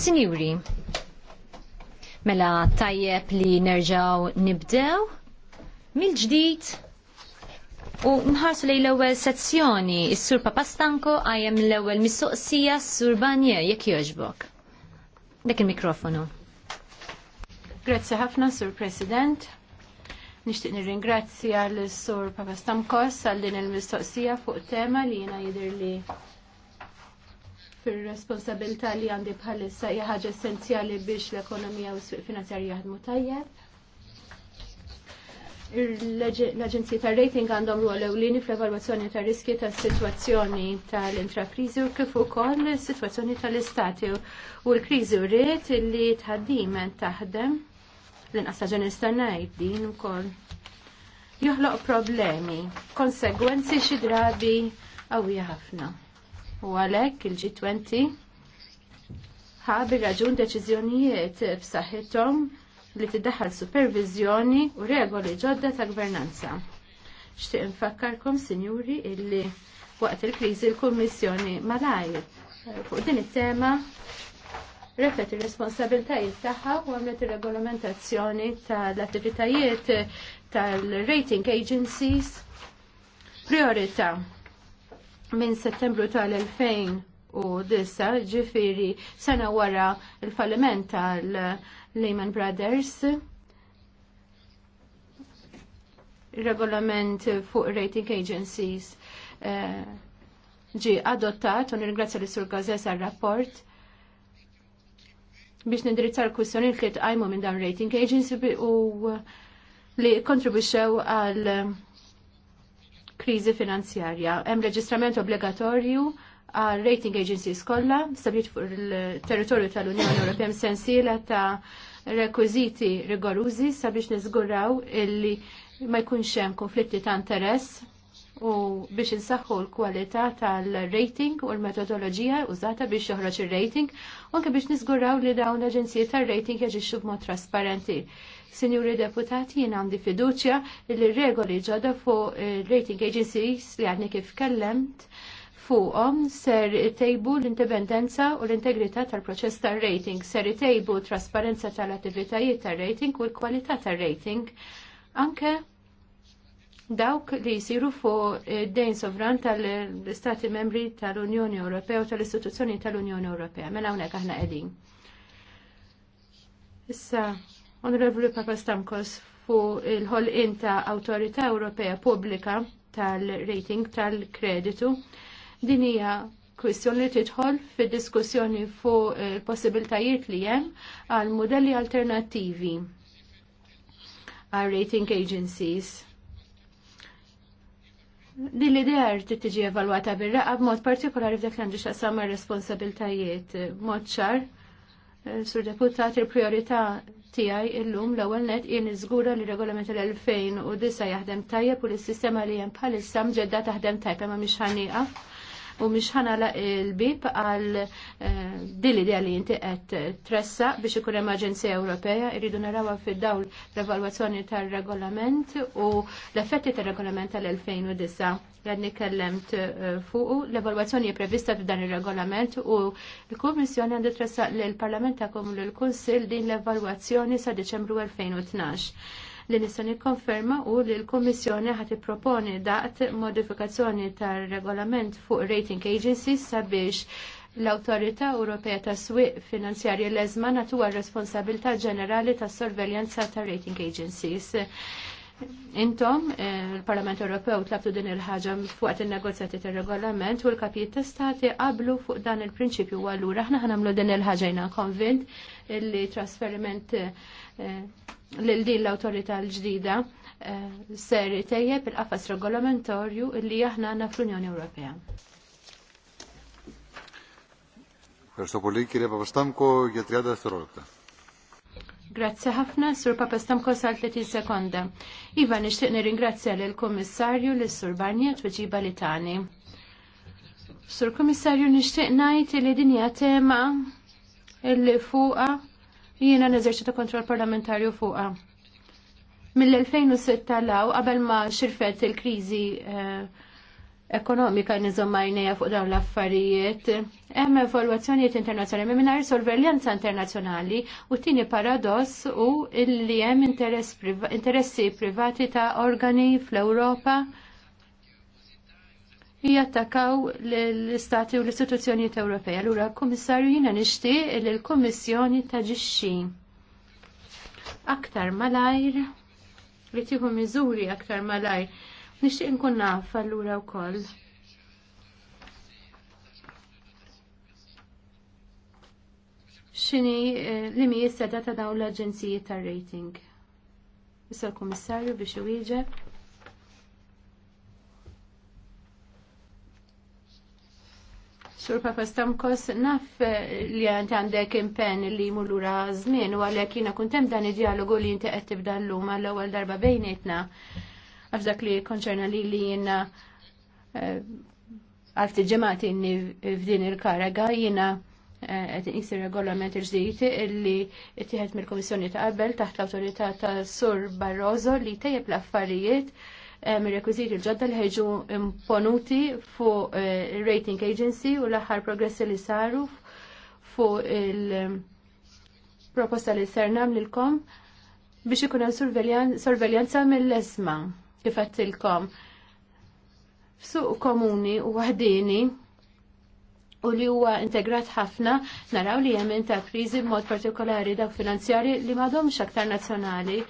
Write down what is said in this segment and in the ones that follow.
Sinjuri, mela tajjeb li nerġaw nibdew mill-ġdid u nħarsu li l-ewwel sezzjoni s sur Papastanko għajem l-ewwel mistoqsija s-Sur Banje jekk jogħġbok. Dak il-mikrofonu. Grazzi ħafna, Sur President. Nishtiq nirringrazzja l-Sur Papastamkos għal din il-mistoqsija fuq tema li jina jidir li fil responsabilità li għandi bħalissa hija ħaġa essenzjali biex l-ekonomija u s-suq finanzjarja jaħdmu tajjeb. L-Aġenzija tar-rating għandhom ruol ewlieni fl-evalwazzjoni tar-riski tas-sitwazzjoni tal-intrapriżi u kif ukoll is-sitwazzjoni tal-istati u l-kriżi rrid li tħaddim taħdem l-inqas ta' ġenista ngħid din ukoll joħloq problemi, konsegwenzi xi drabi qawwija ħafna. U għalhekk il-G20 ħabi raġun deċiżjonijiet f'saħħithom li tiddaħħal supervizjoni u regoli ġodda ta' gvernanza. Xtieq infakkarkom, sinjuri, illi waqt il-kriżi l-Kummissjoni malajr eh, fuq din it-tema refet il-responsabiltajiet tagħha u għamlet ir-regolamentazzjoni tal-attivitajiet tal-rating agencies priorità minn settembru tal-2009 ġifiri sena wara il-falliment tal-Lehman Brothers regolament fuq rating agencies eh, ġi adottat u nirgrazzja l-Sur Gazzess għal-rapport biex nindirizza l-kwistjoni li tqajmu minn dan rating agency u li kontribuxew għal kriżi finanzjarja. Hemm reġistrament obbligatorju għal rating agencies kollha stabiet fuq il-territorju tal-Unjoni Ewropea sensiela ta' rekwiżiti rigorużi sabiex niżguraw illi ma jkunx hemm konflitti ta' interess u biex insaħħu l-kwalità tal-rating u l-metodoloġija użata biex joħroġ ir rating u anke biex niżguraw li dawn l-aġenziji tar-rating jaġixxu b'mod trasparenti. Sinjuri deputati, jien għandi fiduċja li regoli ġodda fuq eh, rating agencies li għadni kif kellemt fuqhom ser tejbu l-indipendenza u l-integrità tal-proċess tar-rating, ser tejbu trasparenza tal-attivitajiet tar-rating u l-kwalità tar-rating. Anke dawk li jisiru fuq eh, dejn sovran tal-Stati membri tal-Unjoni Ewropea u tal-istituzzjoni tal-Unjoni Ewropea. Mela hawnhekk aħna qegħdin. Issa, Onorevoli Papa Stamkos fu il-ħolqin ta' Awtorità Ewropea Pubblika tal-rating tal-kreditu. Din hija kwistjoni li tidħol fid-diskussjoni fuq il-possibiltajiet li hemm għal modelli alternattivi għal rating agencies. Din l-idea trid tiġi evalwata bir-raqqa b'mod partikolari f'dak li għandix x'aqsam responsabiltajiet mod ċar. Eh, Sur deputat il-priorità tiegħi illum l-ewwel net jien iżgura li regolament l-2009 jaħdem tajjeb u l-sistema li hemm bħalissa mġedda taħdem tajjeb ma mhix ħanija u ħana la il bib għal eh, dili idea li jinti qed tressa biex ikun hemm Aġenzija Ewropea irridu narawha fid-dawl l-evalwazzjoni tar-regolament u l-effetti tar-regolament tal-2009 għadni kellemt eh, fuq l-evalwazzjoni prevista f'dan il-regolament u l komissjoni għandu tressa l-Parlament ta' komu l-Konsil din l-evalwazzjoni sa' Deċembru 2012 li nista' nikkonferma u li l-Kummissjoni ħad tipproponi daqt modifikazzjoni tar-regolament fuq rating agencies sabiex l-Awtorità Ewropea tas Swieq Finanzjarji l-eżma natuwa r-responsabilità ġenerali tas-sorveljanza tar rating agencies. Intom, eh, il-Parlament Ewropew tlabtu din il-ħaġa fuq il-negozjati il-regolament u l-kapijiet ta' stati qablu fuq dan il-prinċipju għallura. Aħna ħanamlu din il-ħaġa jina konvint li trasferiment eh, lil din l autorita l-ġdida eh, seri tejjeb il-qafas regolamentorju li aħna għanna fl-Unjoni Ewropea. Ευχαριστώ πολύ κύριε Grazzi ħafna, Sur Papa Stamko sal 30 sekonda. Iva, nixtieq nirringrazzja lill kummissarju lis sur Barnier tweġiba li tani. Sur Kummissarju nixtieq ngħid li din hija tema li fuqha jiena neżerċita kontroll parlamentarju fuqha. Mill-2006 law qabel ma xirfet il-kriżi eh, ekonomika nizomajnija fuq dawn l-affarijiet. Hemm evalwazzjonijiet internazzjonali mingħajr sorveljanza internazzjonali u tieni paradoss u li hemm interessi privati ta' organi fl-Ewropa jattakaw l-istati u l-istituzzjonijiet Ewropej. Allura, kummissarju jiena nixtieq l l-Kummissjoni taġixxi aktar malajr li tieħu miżuri aktar malajr Nixtieq nkun naf allura wkoll. X'inhi eh, li mi jisseda ta' dawn l-aġenziji tar-rating? Issa l-Kummissarju biex iwieġeb. Sur Papa Stamkos, naf eh, li għant għandek impen li mullura zmin u għalek jina kuntem dan id-dialogu li jinti għettib dan l-lum għall-ewel darba bejnietna. Għafdak li konċerna li li jina eh, għalti ġemati inni f'din il-karaga jina qed eh, isir regolament ġdid illi ittieħed mill-Kummissjoni ta' qabel taħt l-awtorità ta' Sur Barroso li tejjeb l-affarijiet eh, mir-rekwiżiti l-ġodda li ħeġu imponuti fuq rating agency u l-aħħar progressi li saru fuq il-proposta li ser nagħmlilkom biex ikun hemm sorveljanza mill-esma' kifettilkom f'suq komuni u għadini u li huwa integrat ħafna naraw li hemm intapriżi b'mod partikolari dawk finanzjarji li m'għadhomx aktar nazzjonali.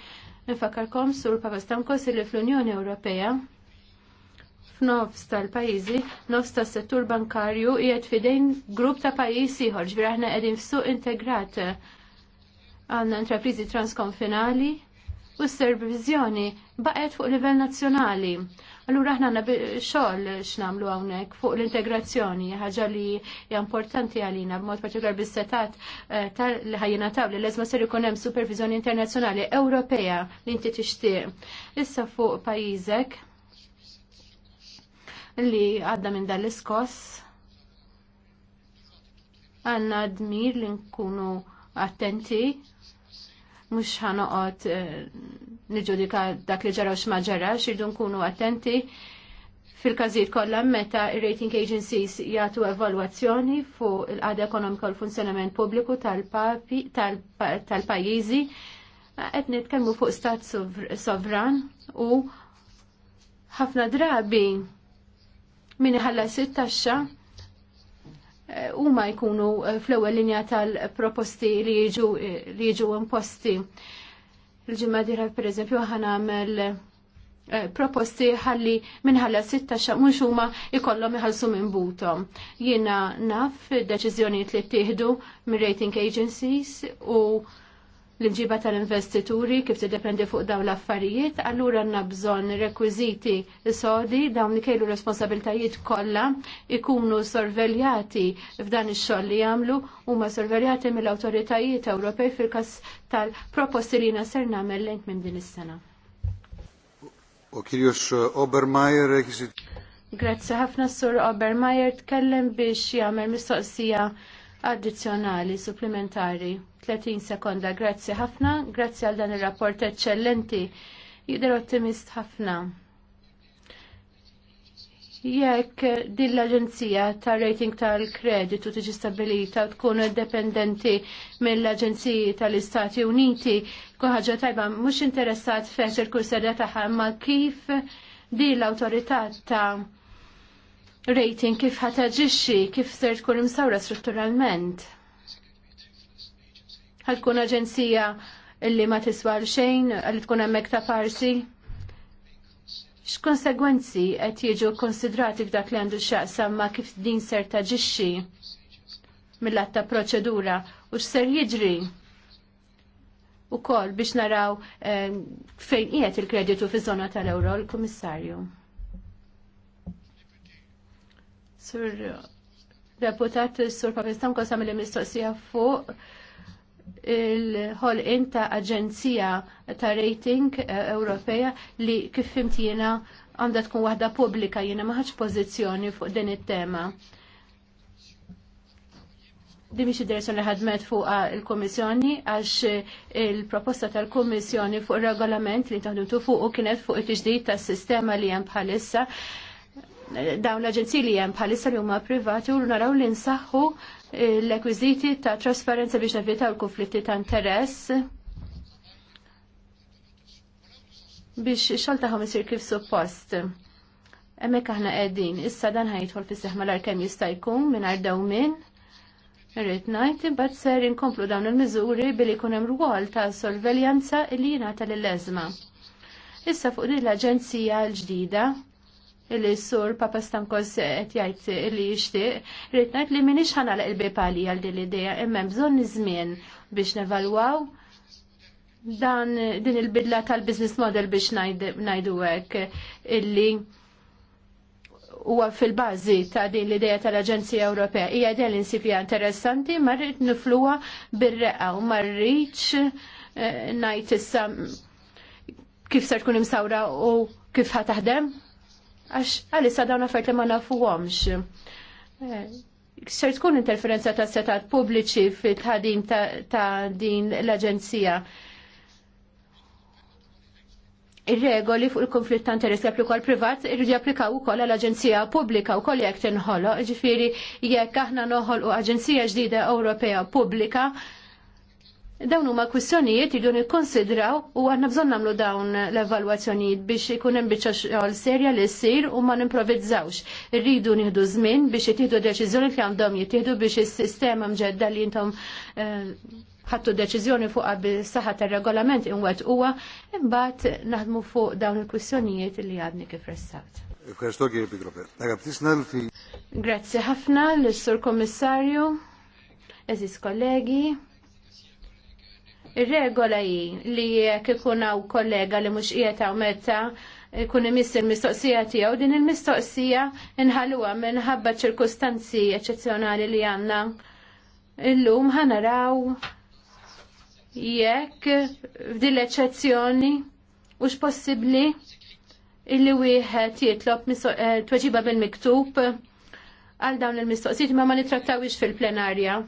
Nifakarkom sur Papastamkos li fl-Unjoni Ewropea f'nofs tal-pajjiżi, nofs tas-settur bankarju qiegħed fidejn grupp ta' pajjiż ieħor, ġifier aħna qegħdin f'suq integrat għandna intrapriżi transkonfinali u s servizjoni baqgħet fuq livell nazzjonali. Allura aħna għanna xogħol x'namlu hawnhekk fuq l-integrazzjoni, ħaġa li hija importanti għalina b'mod partikolar bis-setat eh, li ħajjina li leżma ser ikun hemm supervizjoni internazzjonali Ewropea li inti tixtieq. Issa fuq pajjiżek li għadda minn dan l-iskoss għanna dmir li nkunu attenti mhux ħanoqgħod eh, nġudika dak li ġara x'ma ġara, xirdu nkunu attenti fil-każijiet kollha meta rating agencies jagħtu evalwazzjoni fuq il-qada ekonomika u l-funzjonament pubbliku tal-pajjiżi qed nitkellmu fuq stat sovran u ħafna drabi min iħallas it-taxxa Eh, huma jkunu eh, fl-ewwel linja tal-proposti li jiġu eh, li jiġu imposti. Il-ġimgħa dieħla pereżempju nagħmel proposti ħalli minħalla sitta mhux huma ikollhom iħallsu minn butom. Jiena naf deċiżjonijiet li ttieħdu mir rating agencies u l-imġiba tal-investituri kif tiddependi fuq dawn l-affarijiet, allura għanna bżonn rekwiżiti sodi dawn li kellu responsabiltajiet kollha ikunu sorveljati f'dan ix-xogħol li jagħmlu huma sorveljati mill-awtoritajiet Ewropej fil-każ tal-proposti li ser nagħmel lejn minn din is-sena. U kirjus Grazzi ħafna sur Obermeyer tkellem biex jagħmel mistoqsija addizzjonali supplementari 30 sekonda. Grazzi ħafna, grazzi għal dan ir-rapport eċċellenti. Jidher ottimist ħafna. Jekk din l-Aġenzija tar rating tal-kreditu tiġi stabilita tkun indipendenti mill-Aġenziji tal-Istati Uniti, ħaġa tajba mhux interessat fe il serja tagħha ma kif din l-awtorità ta' rating kif ħataġixxi, kif ser tkun imsawra strutturalment. Għal tkun aġenzija illi ma tiswar xejn, għal tkun hemmhekk ta' parsi. X'konsegwenzi qed jiġu konsidrati f'dak li għandu x'aqsam ma kif din ser taġixxi mill-att ta' proċedura u x'ser jiġri u kol biex naraw eh, fejn qiegħed il-kreditu fiż-żona tal-Ewro l-Kummissarju. Sur deputat Sur Pakistan kosa mill mistoqsija fuq il-ħol inta aġenzija ta' rating eh, Ewropea li kif fimtina għandha tkun waħda pubblika jiena maħax pożizzjoni fuq din it-tema. Di miex id-direzzjoni ħadmet fuq ah, il-Komissjoni għax il-proposta tal-Komissjoni fuq il-regolament li taħdutu fuq u kienet fuq it-tġdid tas-sistema li hemm bħalissa dawn l-aġenziji li hemm bħalissa li huma privati u naraw li nsaħħu eh, l ekwiziti ta' trasparenza biex nevitaw l-konflitti ta' interess biex xogħol tagħhom isir kif suppost. Hemmhekk aħna qegħdin, issa dan ħajtħol fis-seħma l-arkem jista' jkun mingħajr dawmin. Irrid ngħid imbagħad ser inkomplu dawn il-miżuri billi jkun hemm rwol ta' sorveljanza li jingħata lill leżma Issa fuq din l-aġenzija l-ġdida li sur Papa Stankos qed jgħid li jixtieq, rrid ngħid li m'iniex ħanalaq il-bib għalija għal din l-idea, imma hemm bżonn żmien biex nevalwaw dan din il-bidla tal-business model biex ngħidu hekk illi huwa fil-bażi ta' din l-idea tal-Aġenzija Ewropea. Hija idea l nsibija interessanti, ma rrid nifluha bir-reqa u ma rridx eh, ngħid issa kif ser tkun imsawra u kif ħataħdem. taħdem Għax għalissa dawn affert li ma nafuhomx. Eh, ser tkun interferenza ta' setat pubbliċi fit-ħadim ta' din l-Aġenzija. Ir-regoli fuq il-konflitt ta' interess li applikaw privat irridu japplikaw ukoll għall aġenzija pubblika wkoll jekk tinħoloq, ġifieri jekk aħna noħolqu aġenzija ġdida Ewropea pubblika Dawn huma kwistjonijiet li nikkonsidraw u għandna bżonn nagħmlu dawn l-evalwazzjonijiet biex ikun hemm biċċa xogħol serja li ssir u ma nimprovizzawx. Irridu nieħdu żmien biex jittieħdu deċiżjoni li għandhom jittieħdu biex is-sistema mġedda li intom eh, ħattu deċiżjoni fuq bis-saħħa tar-regolament inwet huwa imbagħad naħdmu fuq dawn il-kwistjonijiet li għadni kif ressat. Grazzi ħafna l-Sur Kommissarju, eżis kollegi. Ir-regola hi li jekk ikun hawn kollega li mhux qiegħed u meta jkun imiss il-mistoqsija tiegħu din il-mistoqsija inħalluha minħabba ċirkustanzi eċċezzjonali li għandna. Illum ħanaraw jekk f'din l-eċċezzjoni hux possibbli illi wieħed jitlob eh, tweġiba bil-miktub għal dawn il-mistoqsijiet ma ma nitrattawix fil-plenarja.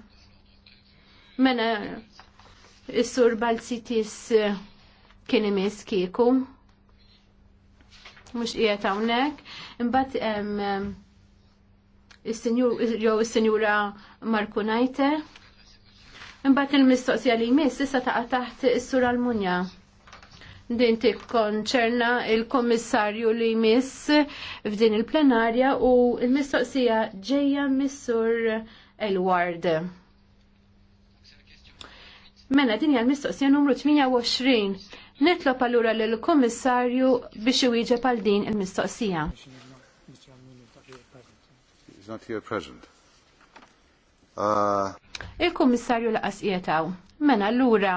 Mena Is-sur Balzitis eh, kien imis kieku. Mhux qiegħed hawnhekk. Imbagħad eh, is-sinjur jew is-sinjura Markunajte. Imbagħad il-mistoqsija li jmiss issa taqa' taħt is-sur Almunja. Din tikkonċerna il-Kommissarju li jmiss f'din il-plenarja u l mistoqsija ġejja mis-sur Elward. Mela din hija l-mistoqsija numru 28. Nitlob allura lill kummissarju biex iwieġeb għal din il-mistoqsija. Uh, Il-kummissarju laqas qietaw. Mela allura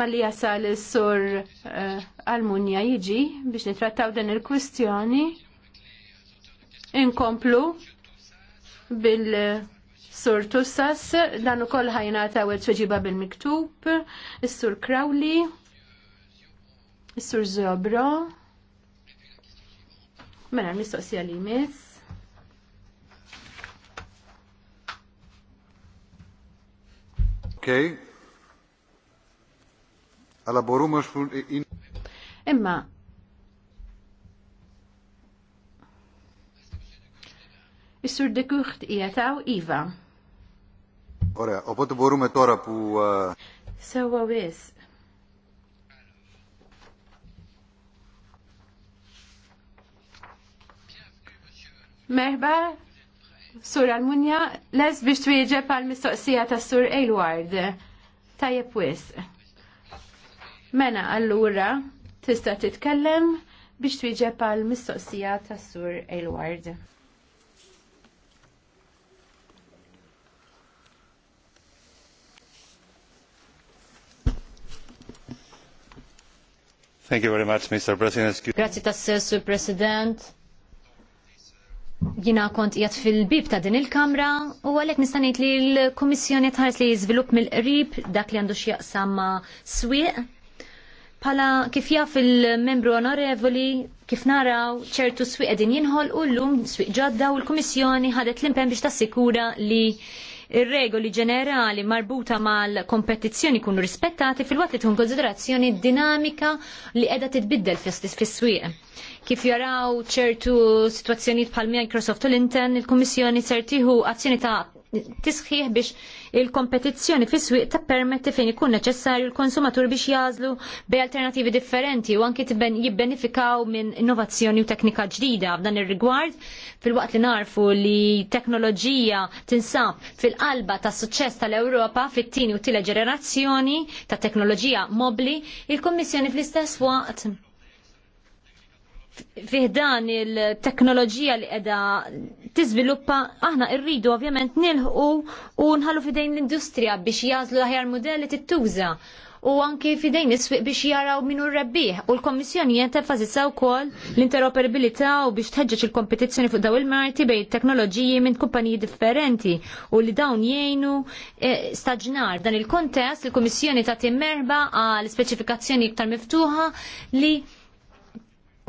malli jasal il sur eh, Almunja jiġi biex nitrattaw din il-kwistjoni inkomplu bil- Sur Tussas, dan ukoll ħajna ta' għed bil-miktub, is-Sur Crowley, sur Zobro, mela mistoqsija li mis. Okay. Alla borum in... Imma Is-sur dekuħt ijataw Iva. Ora, opotu borume tora pu... wis. Merħba, Sur Almunja, les biex twieġeb pal mistoqsija ta' Sur Eilward. Tajjeb wis. Mena allura tista' titkellem biex twieġeb għal mistoqsija ta' Sur Eilward. Thank you very much, Mr. President. Grazzi tassew, Sur President. Jina kont jgħat fil-bib ta' din il-kamra u għalek nistanejt li l-Komissjoni tħares li jizvilup mill-qrib dak li għandu xjaqsam ma' swieq. Pala kif jaf il-membru onorevoli, kif naraw ċertu swieq edin jinħol u l-lum swieq ġodda u l-Komissjoni ħadet l-impen biex tassikura li ir-regoli ġenerali marbuta mal-kompetizzjoni kunu rispettati fil-waqt li tkun konsiderazzjoni dinamika li qiegħda titbiddel fis-swieq. Kif jaraw ċertu situazzjoniet bħal Microsoft u l-Inten, il-Kummissjoni sertiħu azzjoni ta' tisħiħ biex il-kompetizzjoni fis swieq ta' permetti fejn ikun neċessarju l-konsumatur biex jażlu be alternativi differenti u anki jibbenifikaw minn innovazzjoni u teknika ġdida f'dan ir-rigward fil-waqt li narfu li teknoloġija tinsab fil-qalba ta' suċċess tal-Ewropa fit-tieni u tile ġenerazzjoni ta' teknoloġija mobli, il-Kommissjoni fl-istess waqt fiħdan il-teknoloġija li edha tiżviluppa, aħna irridu ovvjament nilħu u nħallu fidejn l-industrija biex jazlu l-ħjar modelli tittuża u anki fidejn isfiq biex jaraw minu r-rebbieħ. U l-Kommissjoni jentefazizzaw kol l-interoperabilità u biex tħeġġeġ il-kompetizzjoni fuq daw il-marti bejn teknoloġiji minn kumpaniji differenti u li dawn jgħinu e, staġnar. Dan il-kontest, il-Kommissjoni ta' timmerba għal speċifikazzjoni iktar miftuħa li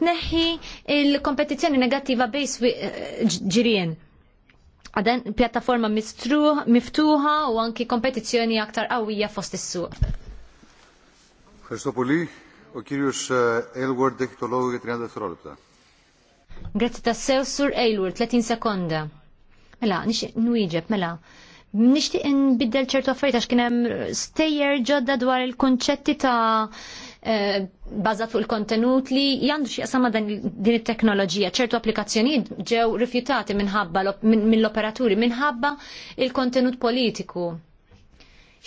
tneħħi il-kompetizzjoni negattiva bejs eh, ġirien. Għadan pjattaforma miftuħa u anki kompetizzjoni aktar qawwija fost is-suq. Ħarstopoli, u kirjus Elward dektologu tologu 30 dottorolibta. Grazzi sew sur Elward 30 sekonda. Mela, nix nwieġeb, mela. Nixtieq nbiddel ċertu affarijiet għax kien hemm stejjer ġodda dwar il-kunċetti ta' Eh, bażat fuq il-kontenut li jandu sama din it-teknoloġija. ċertu applikazzjonijiet ġew rifjutati minħabba mill-operaturi minħabba il-kontenut politiku.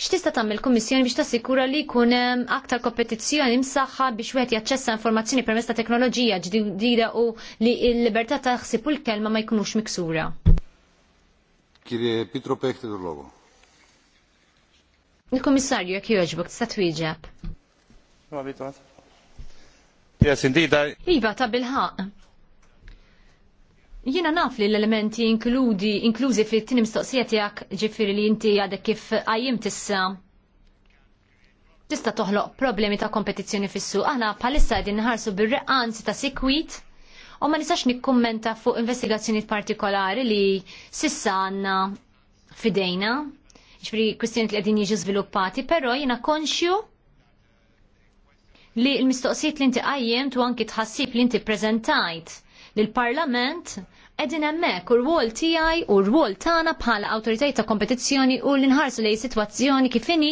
X'tista' tagħmel il-Kummissjoni biex tassikura li jkun hemm aktar kompetizzjoni msaħħa biex wieħed jaċċessa informazzjoni permezz ta' teknoloġija ġdida u li l-libertà ta' ħsieb u l-kelma ma jkunux miksura. Kirje Pitro Pekti Durlovo. Il-Kummissarju jekk jogħġbok tista' twieġeb. Yes, indeed. I... Iva, ta' bilħaq. Jiena naf li l-elementi inkludi, inklużi fit tini mistoqsija tiegħek li inti għadek kif għajim tissa tista' toħloq problemi ta' kompetizzjoni fis-suq. Aħna bħalissa għedin nħarsu bir-reqqanzi ta' sikwit u ma nistax nikkummenta fuq investigazzjonijiet partikolari li sissa għandna fidejna, ġifri kwistjoni li qegħdin jiġu żviluppati, però jiena konxju li l-mistoqsijiet li inti għajjem tu anki tħassib li inti prezentajt l-Parlament edin emmek u r-wol tijaj u r-wol tana bħala autoritajt ta' kompetizzjoni u l-inħarsu li situazzjoni kifini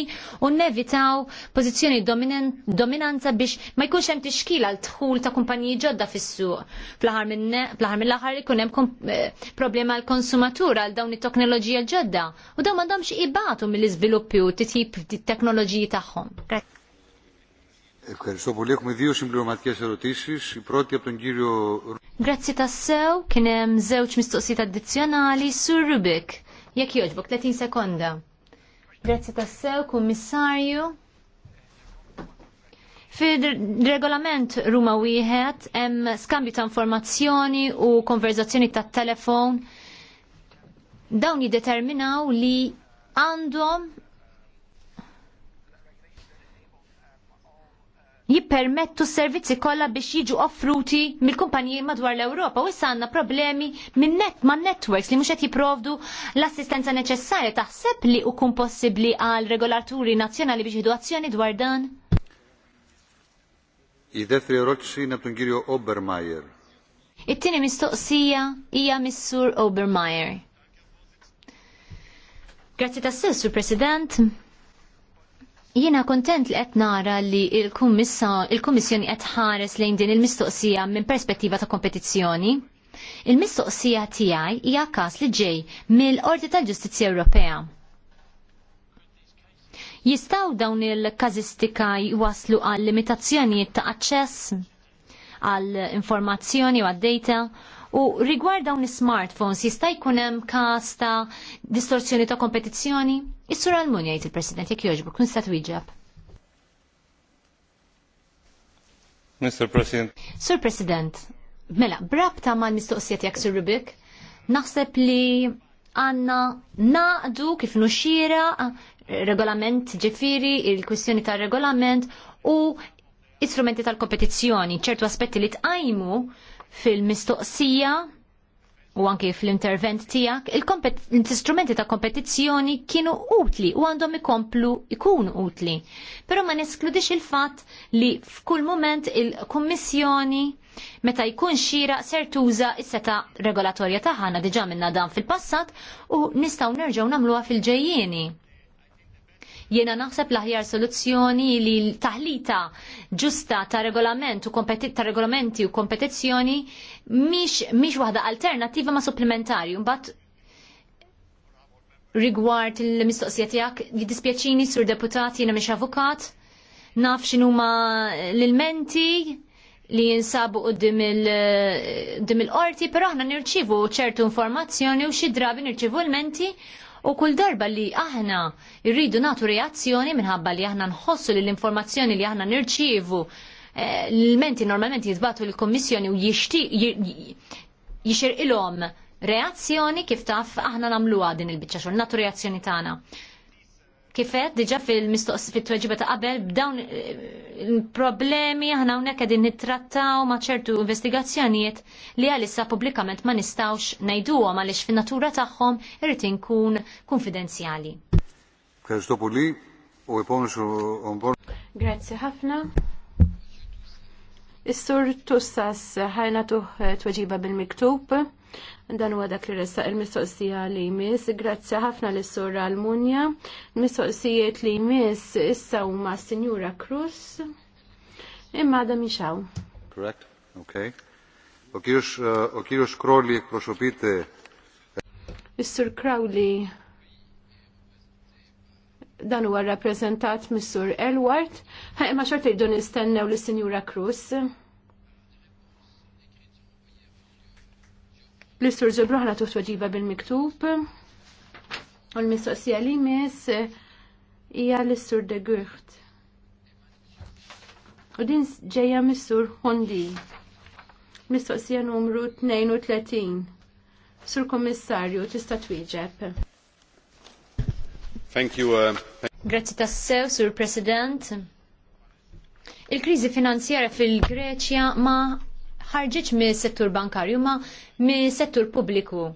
u nevitaw pozizjoni dominanza biex ma jkunx hemm tixkil għal tħul ta' kumpaniji ġodda fis-suq. Fl-aħħar mill-aħħar ikun hemm eh, problema għal konsumatur għal dawn it-teknoloġija ġodda u dawn m'għandhomx ibatu mill-iżviluppi u titjib teknoloġiji tagħhom. Ευχαριστώ πολύ. Έχουμε δύο Η πρώτη από τον κύριο... Grazzi tassew, kienem zewċ mistoqsit addizjonali sur Rubik. Jek joġbok, 30 sekonda. Grazzi tassew, kummissarju. Fil-regolament Ruma wieħed hemm skambju ta' informazzjoni u konverzazzjoni ta' telefon dawn jiddeterminaw li għandhom jippermettu s-servizzi kollha biex jiġu offruti mill-kumpaniji madwar l-Ewropa u issa għandna problemi minn net ma' networks li mhux qed jipprovdu l-assistenza neċessarja taħseb li ukun possibbli għal regolaturi nazzjonali biex jieħdu azzjoni dwar dan? Id-detri roċċi nabtun Obermeyer. It-tieni mistoqsija hija Missur Obermeyer. Grazzi tassew, Sur President. Jiena kontent li qed nara li il-Kummissjoni qed ħares lejn din il-mistoqsija minn perspettiva ta' kompetizzjoni. Il-mistoqsija tiegħi hija każ li ġej mill-Qorti tal-Ġustizzja Ewropea. Jistaw dawn il-kazistika jwaslu għal limitazzjonijiet ta' aċċess għal informazzjoni u għad-data U rigward dawn is-smartphones jista' jkun hemm każ ta' distorsjoni ta' kompetizzjoni? Is-sur Almun jgħid il-President jekk jogħġbu kun sta twieġeb. Mr. President. Sur President, mela, brabta mal-mistoqsijiet jekk sur Rubik, naħseb li għanna naqdu kif nuxira regolament ġifiri, il-kwistjoni tal regolament u istrumenti tal-kompetizzjoni, ċertu aspetti li tqajmu fil-mistoqsija u anke fl-intervent tijak, l-istrumenti ta' kompetizzjoni kienu utli u għandhom ikomplu ikunu utli. Pero ma neskludix il-fat li f'kull moment il-Kommissjoni meta jkun xira ser tuża is-seta regolatorja tagħna diġà minna dan fil-passat u nistgħu nerġgħu nagħmluha fil-ġejjieni. Jiena naħseb l-aħjar soluzzjoni li taħlita ġusta ta' regolament u ta' regolamenti u kompetizzjoni miex, miex waħda alternativa ma' supplementari. Mbagħad rigward il-mistoqsija tiegħek jiddispjaċini sur deputati jiena mhix avukat, naf x'inhuma l-ilmenti, li jinsabu qoddim il-qorti, il però aħna nirċivu ċertu informazzjoni u xi drabi nirċivu l-menti U kull darba li aħna irridu natu reazzjoni minħabba li aħna nħossu li l-informazzjoni li aħna nirċivu eh, l-menti normalment jizbatu l-Kommissjoni u jixir ilom reazzjoni kif taf aħna namlu din il-bicċa xogħol natu reazzjoni tagħna kifet diġa fil-mistoqs fit-tweġiba ta' qabel b'dawn eh, problemi aħna hawnhekk qegħdin nittrattaw ma' ċertu investigazzjonijiet li għalissa pubblikament ma nistgħux ngħiduhom għaliex fin-natura tagħhom irid inkun konfidenzjali. Grazie ħafna. Is-sur tussas ħajna tuħ eh, tweġiba bil-miktub. Dan huwa dak li ressaq il-mistoqsija li jmiss. Grazzi ħafna l sur Almunja. Mistoqsijiet li jmiss issa huma Sinjura Cruz. Imma da mixaw. Correct? Okay. O kirux Crowley proxopite. Is-Sur Crowley dan huwa rappreżentat mis-Sur Elward, ma xorta jdu nistennew lis sinjura Cruz. L-istur zibruħna tuħt weġiba bil-miktub. U l-mistoqsija li mis eh, hija l-istur de Gucht. U din ġeja Missur Hondi. Mistoqsija numru 32. Sur Kommissarju, tista' twieġeb. Thank you. Uh, Grazzi tassew, Sur President. Il-krizi finanzjara fil-Greċja ma ħarġitx mis settur bankarju ma mis settur pubbliku.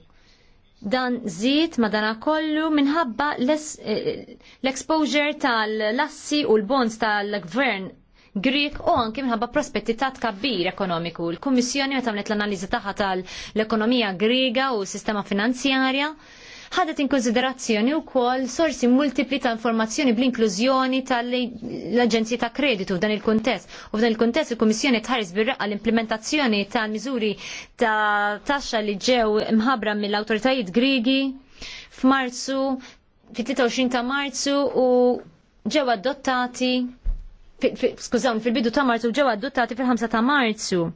Dan żied madana kollu minħabba eh, l-exposure tal-lassi u l-bonds tal-gvern Grik u anki minħabba prospetti ta' tkabbir ekonomiku. L-Kummissjoni meta l-analiżi tagħha tal-ekonomija griga u s-sistema finanzjarja ħadet in konsiderazzjoni wkoll sorsi multipli ta' informazzjoni bl-inklużjoni tal-Aġenzji ta' Kreditu f'dan il-kuntest. U f'dan il kontest il-Kummissjoni tħares birraqqa l-implementazzjoni ta' miżuri ta' taxxa li ġew mħabra mill-awtoritajiet Grigi f'Marzu, fit-23 ta' Marzu u ġew adottati skużawni, fil-bidu ta' Marzu ġew adottati fil-5 ta' Marzu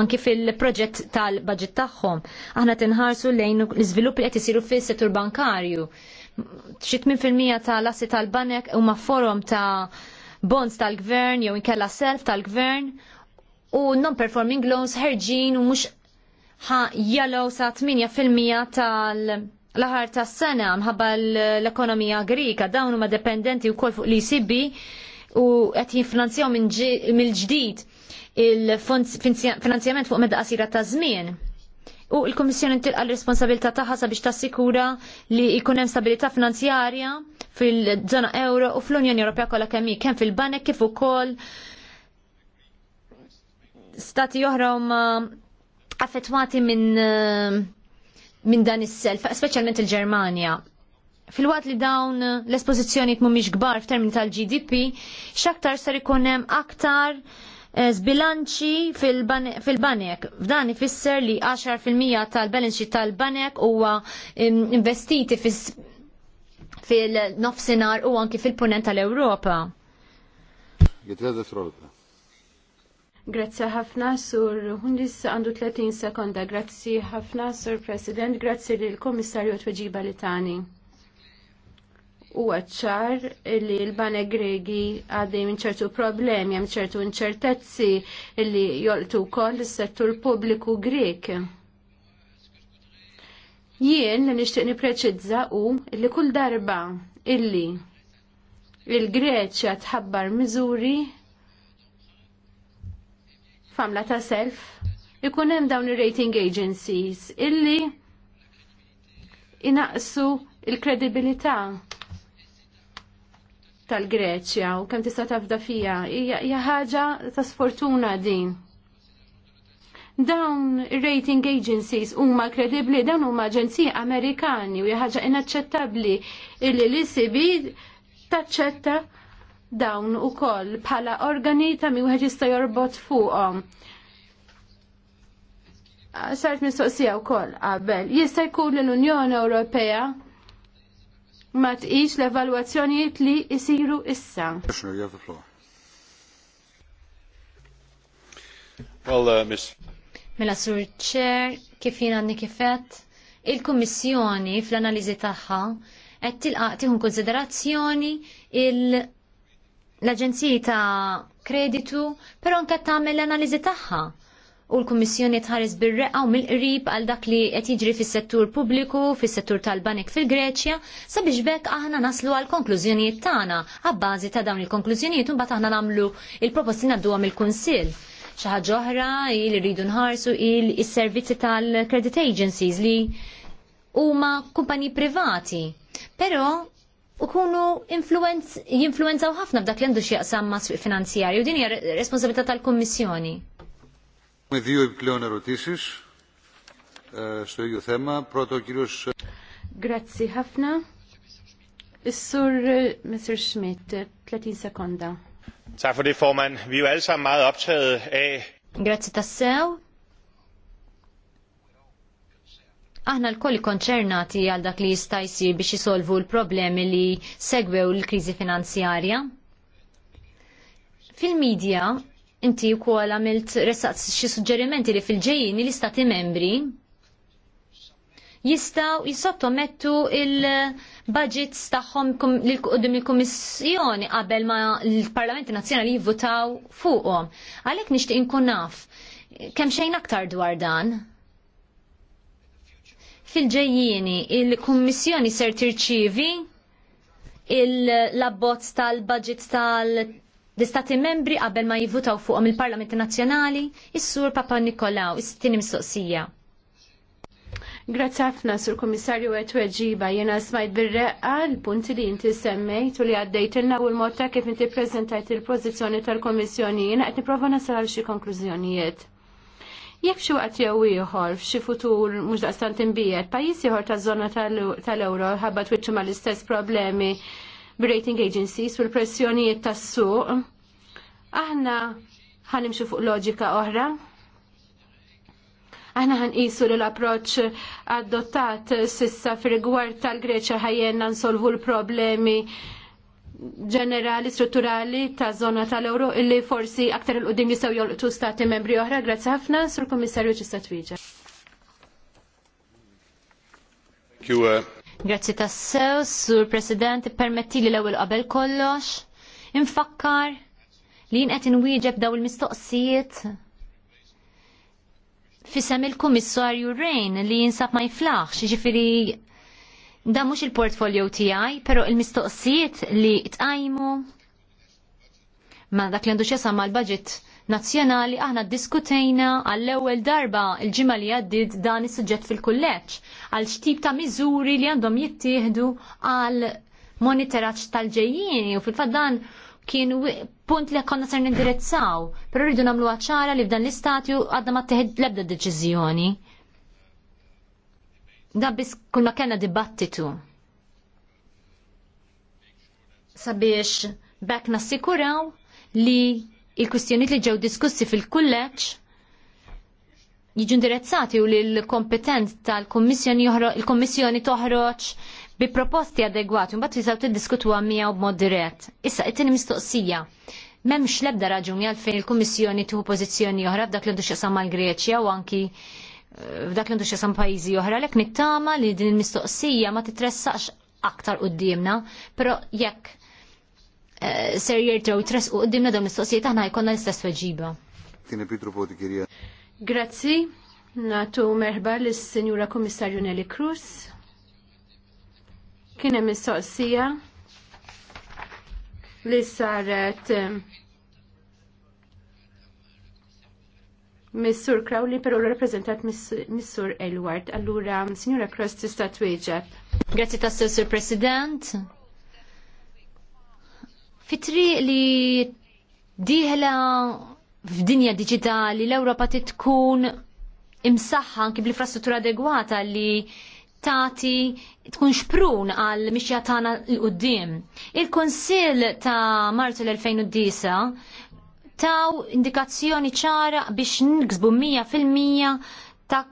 anki fil-proġett tal-budget tagħhom. Aħna tinħarsu lejn l-iżvilupp li qed isiru fis-settur bankarju. Xi fil-mija tal-assi tal-banek huma forum ta' bonds tal-gvern jew inkella self tal-gvern u non-performing loans ħerġin u mhux ħa jalow sa' 8% tal- l-ħar ta' s-sena mħabba l-ekonomija grika dawn huma dependenti wkoll fuq l-ECB u qed jinfinanzjaw mill-ġdid il-finanzjament fuq medda qasira ta' żmien. U l-Komissjoni tilqa l-responsabilità tagħha sabiex tassikura li jkun hemm stabilità finanzjarja fil-żona euro u fl-Unjoni Ewropea kollha kemm kemm fil-banek kif ukoll stati oħra huma affettwati minn eh, min dan is-self, speċjalment il-Ġermanja. Fil-waqt li dawn l-espożizzjoni mhumiex kbar f'termini tal-GDP, x'aktar ser ikun hemm aktar, aktar Eh, zbilanċi fil-banek. F'dan ifisser li 10% tal-balance sheet tal-banek huwa investiti fil-nofsinar u anki fil-punent tal-Ewropa. Grazzi ħafna sur Hundis għandu 30 sekonda. Grazzi ħafna sur President, grazzi lill komissarju tweġiba li tani u ċar li l-bane gregi għaddej minn ċertu problemi, hemm ċertu inċertezzi li jolqtu wkoll is-settur pubbliku Grek. Jien li nixtieq nippreċizza u li kull darba illi il-Greċja tħabbar miżuri famla ta' self ikun hemm dawn ir-rating agencies illi inaqsu il-kredibilità tal-Greċja u kemm tista' tafda fija hija ħaġa ta' sfortuna din. Dawn rating agencies huma kredibbli, dawn huma aġenziji Amerikani u hija ħaġa inaċċettabbli illi l-ICB taċċetta dawn ukoll bħala organi ta' mi wieħed jista' jorbot fuqhom sart mistoqsija wkoll qabel. Jista' jkun l-Unjoni Ewropea ma tqix l-evalwazzjonijiet li jisiru issa. Well, uh, miss. Mela sur ċer, kif jina għanni kifet, il-Kommissjoni fl-analizi tagħha qed tilqa' tieħu konsiderazzjoni l-Aġenziji ta' kreditu, però anke tagħmel l-analiżi tagħha u l-Kummissjoni tħares bir u mill-qrib għal dak li qed jiġri fis-settur pubbliku, fis-settur tal-banek fil-Greċja, sabiex bekk aħna naslu għal konklużjonijiet tagħna għabbażi ta' dawn il-konklużjonijiet u mbagħad aħna nagħmlu il-proposti ngħadduhom mill kunsill Xi ħaġa oħra li rridu nħarsu il-servizzi tal-credit agencies li huma kumpaniji privati. Però ukunu jinfluenzaw ħafna b'dak li għandu xieqsam ma' finanzjarju, din hija responsabilità tal-Kummissjoni. Έχουμε δύο επιπλέον ερωτήσει στο ίδιο θέμα. Πρώτο ο κύριο. Grazie, Hafna. Sur Mr. Schmidt, 30 sekunder. Tak for det, formand. Vi er jo alle sammen meget optaget af... Grazie, tassew. aħna l-kolli konċernati għal dak li jistajsi biex jisolvu l-problemi li segwew l krizi finanzjarja. Fil-medja Inti u kol għamilt ressaqt xie suġġerimenti li fil-ġejjini li stati membri jistaw jisottomettu il-budgets tagħhom qudiem il-Kummissjoni qabel ma l-Parlamenti Nazzjonali jivvutaw fuqhom. Għalhekk nixtieq inkun naf kemm xejn aktar dwar dan. fil ġejjini il-Kummissjoni ser tirċievi l-abbozz tal-budget tal-Parlament l-istati membri qabel ma jivvutaw fuqhom il parlament Nazzjonali, is-Sur Papa Nikolaw, is sittini mistoqsija. Grazzi ħafna sur Komissarju għet weġiba jena smajt bil-reqqa l-punti li inti semmejt u li għaddejt il u l-motta kif inti prezentajt il-pozizjoni tal-Komissjoni jena għet niprofa nasal xie konklużjonijiet. Jekk xi waqt jew ieħor f'xi futur mhux daqstant imbiet, pajjiż ieħor taż-żona tal-Ewro ħabba ma mal-istess problemi rating agencies fil-pressjonijiet tas-suq, aħna ħanimxu fuq loġika oħra. Aħna ħanqisu isu l-approċ adottat sissa fir-rigward tal-Greċja ħajjenna nsolvu l-problemi ġenerali strutturali ta' zona tal-euro illi forsi aktar l qoddim jistaw jolqtu stati membri oħra. Grazzi ħafna, sur komissarju ċista twieġa. Grazzi tassew, sur President, permetti li l-ewel qabel kollox. Infakkar li jinqet inwieġeb daw il-mistoqsijiet fisem il-Kummissarju Rejn li jinsab ma jiflaħx, ġifiri da mux il-portfolio tijaj, pero il-mistoqsijiet li tqajmu ma dak li għandu xesam ma l-budget nazzjonali aħna ddiskutejna għall-ewwel darba il-ġimgħa li għaddiet dan is-suġġett fil-kulleġġ għal xtib ta' miżuri li għandhom jittieħdu għal monitoraġġ tal-ġejjieni u fil-fatt dan kien punt li konna ser nindirizzaw, pero rridu namlu ċara li f'dan l-istatju għadna ma teħed lebda deċiżjoni. Da bis kull ma kena dibattitu. Sabiex bekk nassikuraw li il-kwistjoniet li ġew diskussi fil-kulleġġ jiġu indirizzati u li l-kompetent tal-Kommissjoni il-Kommissjoni toħroġ bi proposti adegwati, mbagħad jisaw tiddiskutu għamija u b'mod dirett. Issa it-tieni mistoqsija. M'hemmx l-ebda raġuni għalfejn il-Kummissjoni tieħu pożizzjoni oħra f'dak li għandu x'jaqsam mal-Greċja u anki eh, f'dak li għandu x'jaqsam pajjiżi oħra, lek nittama li din il-mistoqsija ma titressaqx aktar qudiemna, però jekk Eh, ser jirtraw tres u għoddimna dawn mistoqsijiet aħna jkollna l-istess weġiba. Tieni Pietru kirja. Grazzi, natu merħba l senjura Komissarju Nelly Cruz. Kien hemm mistoqsija li saret eh, Missur Crowley, però l-reprezentat Missur Elward. Allura, Signora Cross, tista' tweġeb. Grazie tassew, Sir President. Fitri li diħla f'dinja digitali l-Ewropa tkun imsaħħa anki bl-infrastruttura adegwata li tati tkun xprun għal mixja tagħna l-qudiem. Il-Kunsill ta' Marzu l 2010 taw indikazzjoni ċara biex fil 100% ta'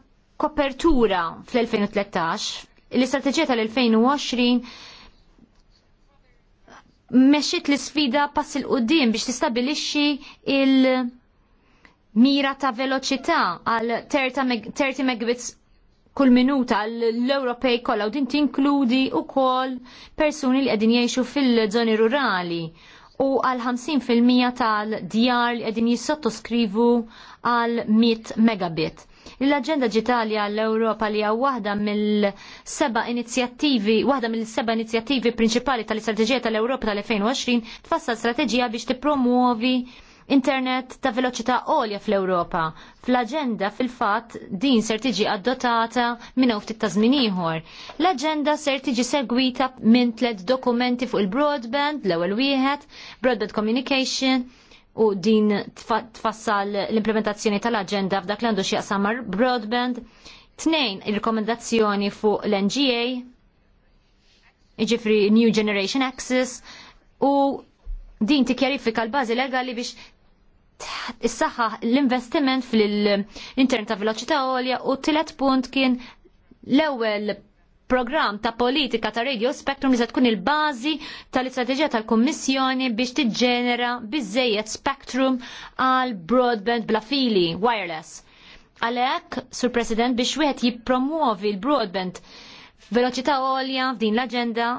kopertura fl-2013. L-istrateġija tal-2020 meċċit l-sfida pass il qudiem biex tistabilixxi il- mira ta' veloċità għal 30 megabits kull minuta l-Ewropej kollha u din tinkludi wkoll persuni li qegħdin jgħixu fil-żoni rurali u għal 50% tal-djar li qegħdin jissottoskrivu għal 100 megabit. L-Aġenda ġitalja għall-Ewropa li hija waħda mill-seba inizjattivi, waħda mill-seba inizjattivi prinċipali tal-Istrateġija tal-Ewropa tal-2020 tfassal strateġija biex tippromuovi internet ta' veloċità għolja fl-Ewropa. Fl-agenda fil-fat din ser tiġi addotata minn ftit ta' zminiħor. ieħor. L-agenda ser tiġi segwita minn tliet dokumenti fuq il-broadband, l-ewwel wieħed, broadband communication, u din tfassal l-implementazzjoni tal-agenda f'dak li għandu xieqsam mar broadband. Tnejn, il-rekomendazzjoni fuq l-NGA, iġifri New Generation Access, u din tikjarifika l-bazi legali biex issaħħa l-investiment fil-intern ta' veloċità għolja u t-tilet punt kien l-ewel program ta' politika ta' Radio Spectrum li se tkun il-bażi tal-istrateġija tal-Kummissjoni biex tiġġenera biżejjed spectrum għal broadband bla fili wireless. Għalhekk, Sur President, biex wieħed jippromuovi l-broadband veloċità għolja f'din l-agenda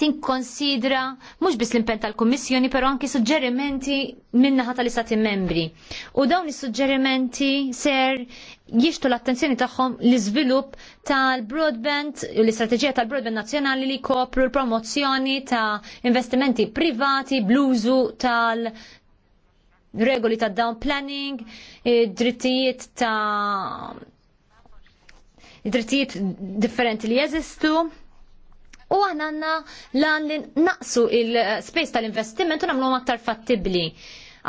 tinkonsidra mhux biss l-impen tal-Kummissjoni, però anki suġġerimenti min-naħa tal-Istati membri. U dawn is-suġġerimenti ser jixtu l-attenzjoni tagħhom l-iżvilupp tal-broadband u l-istrateġija tal-broadband nazzjonali li kopru l-promozzjoni ta' investimenti privati bl-użu tal- regoli ta' down planning, drittijiet ta' drittijiet differenti li jeżistu u aħna għandna lan li naqsu il-space tal-investiment u nagħmluhom aktar fattibbli.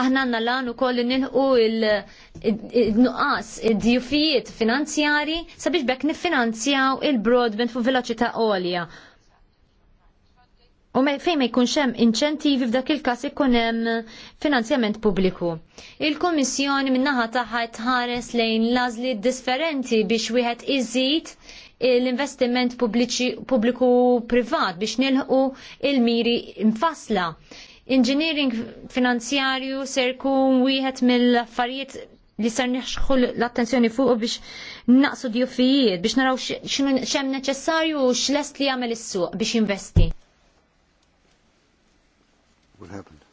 Aħna għandna lan ukoll li nilħu il-nuqqas id-djufijiet finanzjari sabiex bekk niffinanzjaw il-broadband fuq veloċità għolja. U fejn ma jkunx hemm inċentivi f'dak il-każ ikun hemm finanzjament pubbliku. Il-Kummissjoni min-naħa tagħha tħares lejn lażli differenti biex wieħed iżid l-investiment pubbliku privat biex nilħu il-miri infasla. Engineering finanzjarju ser kun wieħed mill-affarijiet li ser nixħu l-attenzjoni fuq biex naqsu d'juffijiet biex naraw xem neċessarju u x'lest li jagħmel is-suq biex investi. What happened?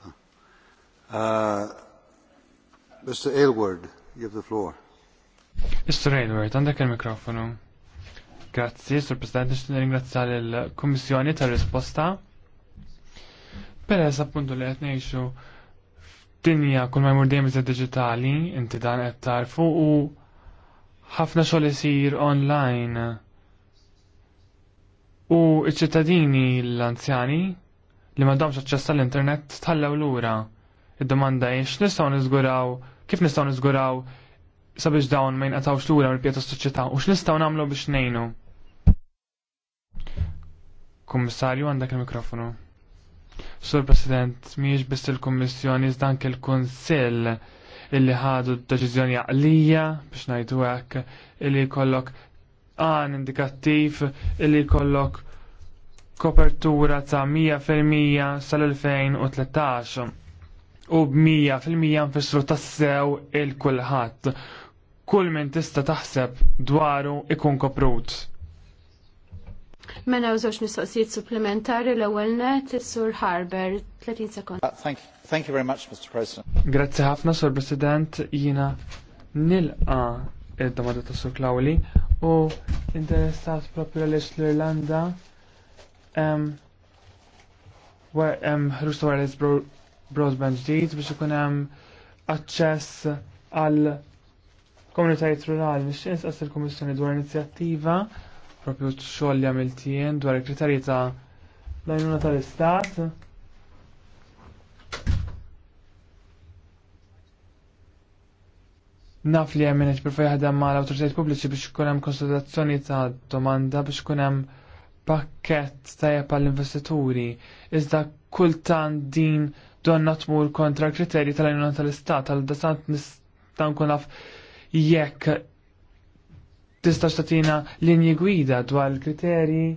Huh. Ah. Uh, Mr. Aylward, you have the floor. Mr. Railward, għandek il-mikrofonu. Grazzi, Sur President, nixtin ringrazzja l-Kommissjoni tal-risposta. Peress appuntu li qed ngħixu f'dinja kull ma jmurdim dejjem iżjed inti dan qed tarfu u ħafna xogħol isir online. U iċ-ċittadini l-anzjani li m'għandhomx aċċess għall internet tħallew lura. Id-domanda hiex nistgħu niżguraw kif nistgħu niżguraw sabiex dawn ma jinqatawx lura mill pjata soċjetà u x'nistgħu nagħmlu biex ngħinu. Kummissarju għandek il-mikrofonu. Sur President, miex biss il-Kummissjoni iżda anke l-Kunsill illi ħadu d-deċiżjoni għaqlija biex ngħidu hekk illi jkollok għan indikattiv illi jkollok kopertura ta' 100% sal-2013 u b-100% nfissru tassew il-kulħadd kull min tista' taħseb dwaru ikun koprut. Mena użoċ mistoqsijiet supplementari l ewwel net sur Harber, 30 sekund. Uh, thank, you very much, Mr. President. Grazzi ħafna, Sur President, jina nilqa id-domanda ta' Sur Klawli u interessat propju l l-Irlanda ħrustu għal broadband deeds biex ikun hemm aċċess għal komunitajiet rurali nixtieq nistaqs il komissjoni dwar inizjattiva propju xogħol li għamiltien dwar il-kriterji ta' l-għajnuna tal-Istat. Naf li għemmin ħiġbir jaħdem ma' l-autoritajiet pubbliċi biex ikun hemm konsultazzjoni ta' domanda biex kunem hemm pakket tajjeb għall-investituri. Iżda kultan din donna tmur kontra kriterji tal-għajnuna tal-Istat, għal-dasant nistan naf jekk tistax tatina linji gwida dwar il-kriterji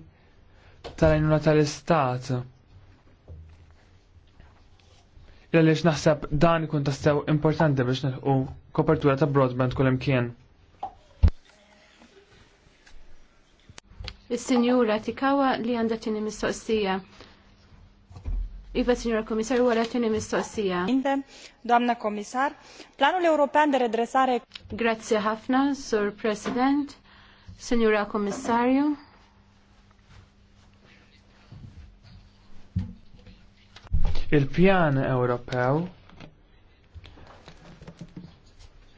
tal-għajnuna tal-istat. Għaliex naħseb dan ikun tastew importanti biex nħu kopertura ta' broadband kull imkien. Is-sinjura tikawa li għandha tieni mistoqsija. Iva, Signora Comisar, u għalatini mistoqsija. Doamna Comisar, Planul European de Redresare. Grazie ħafna, Sur President, Signora Commissario. Il-pjan Ewropew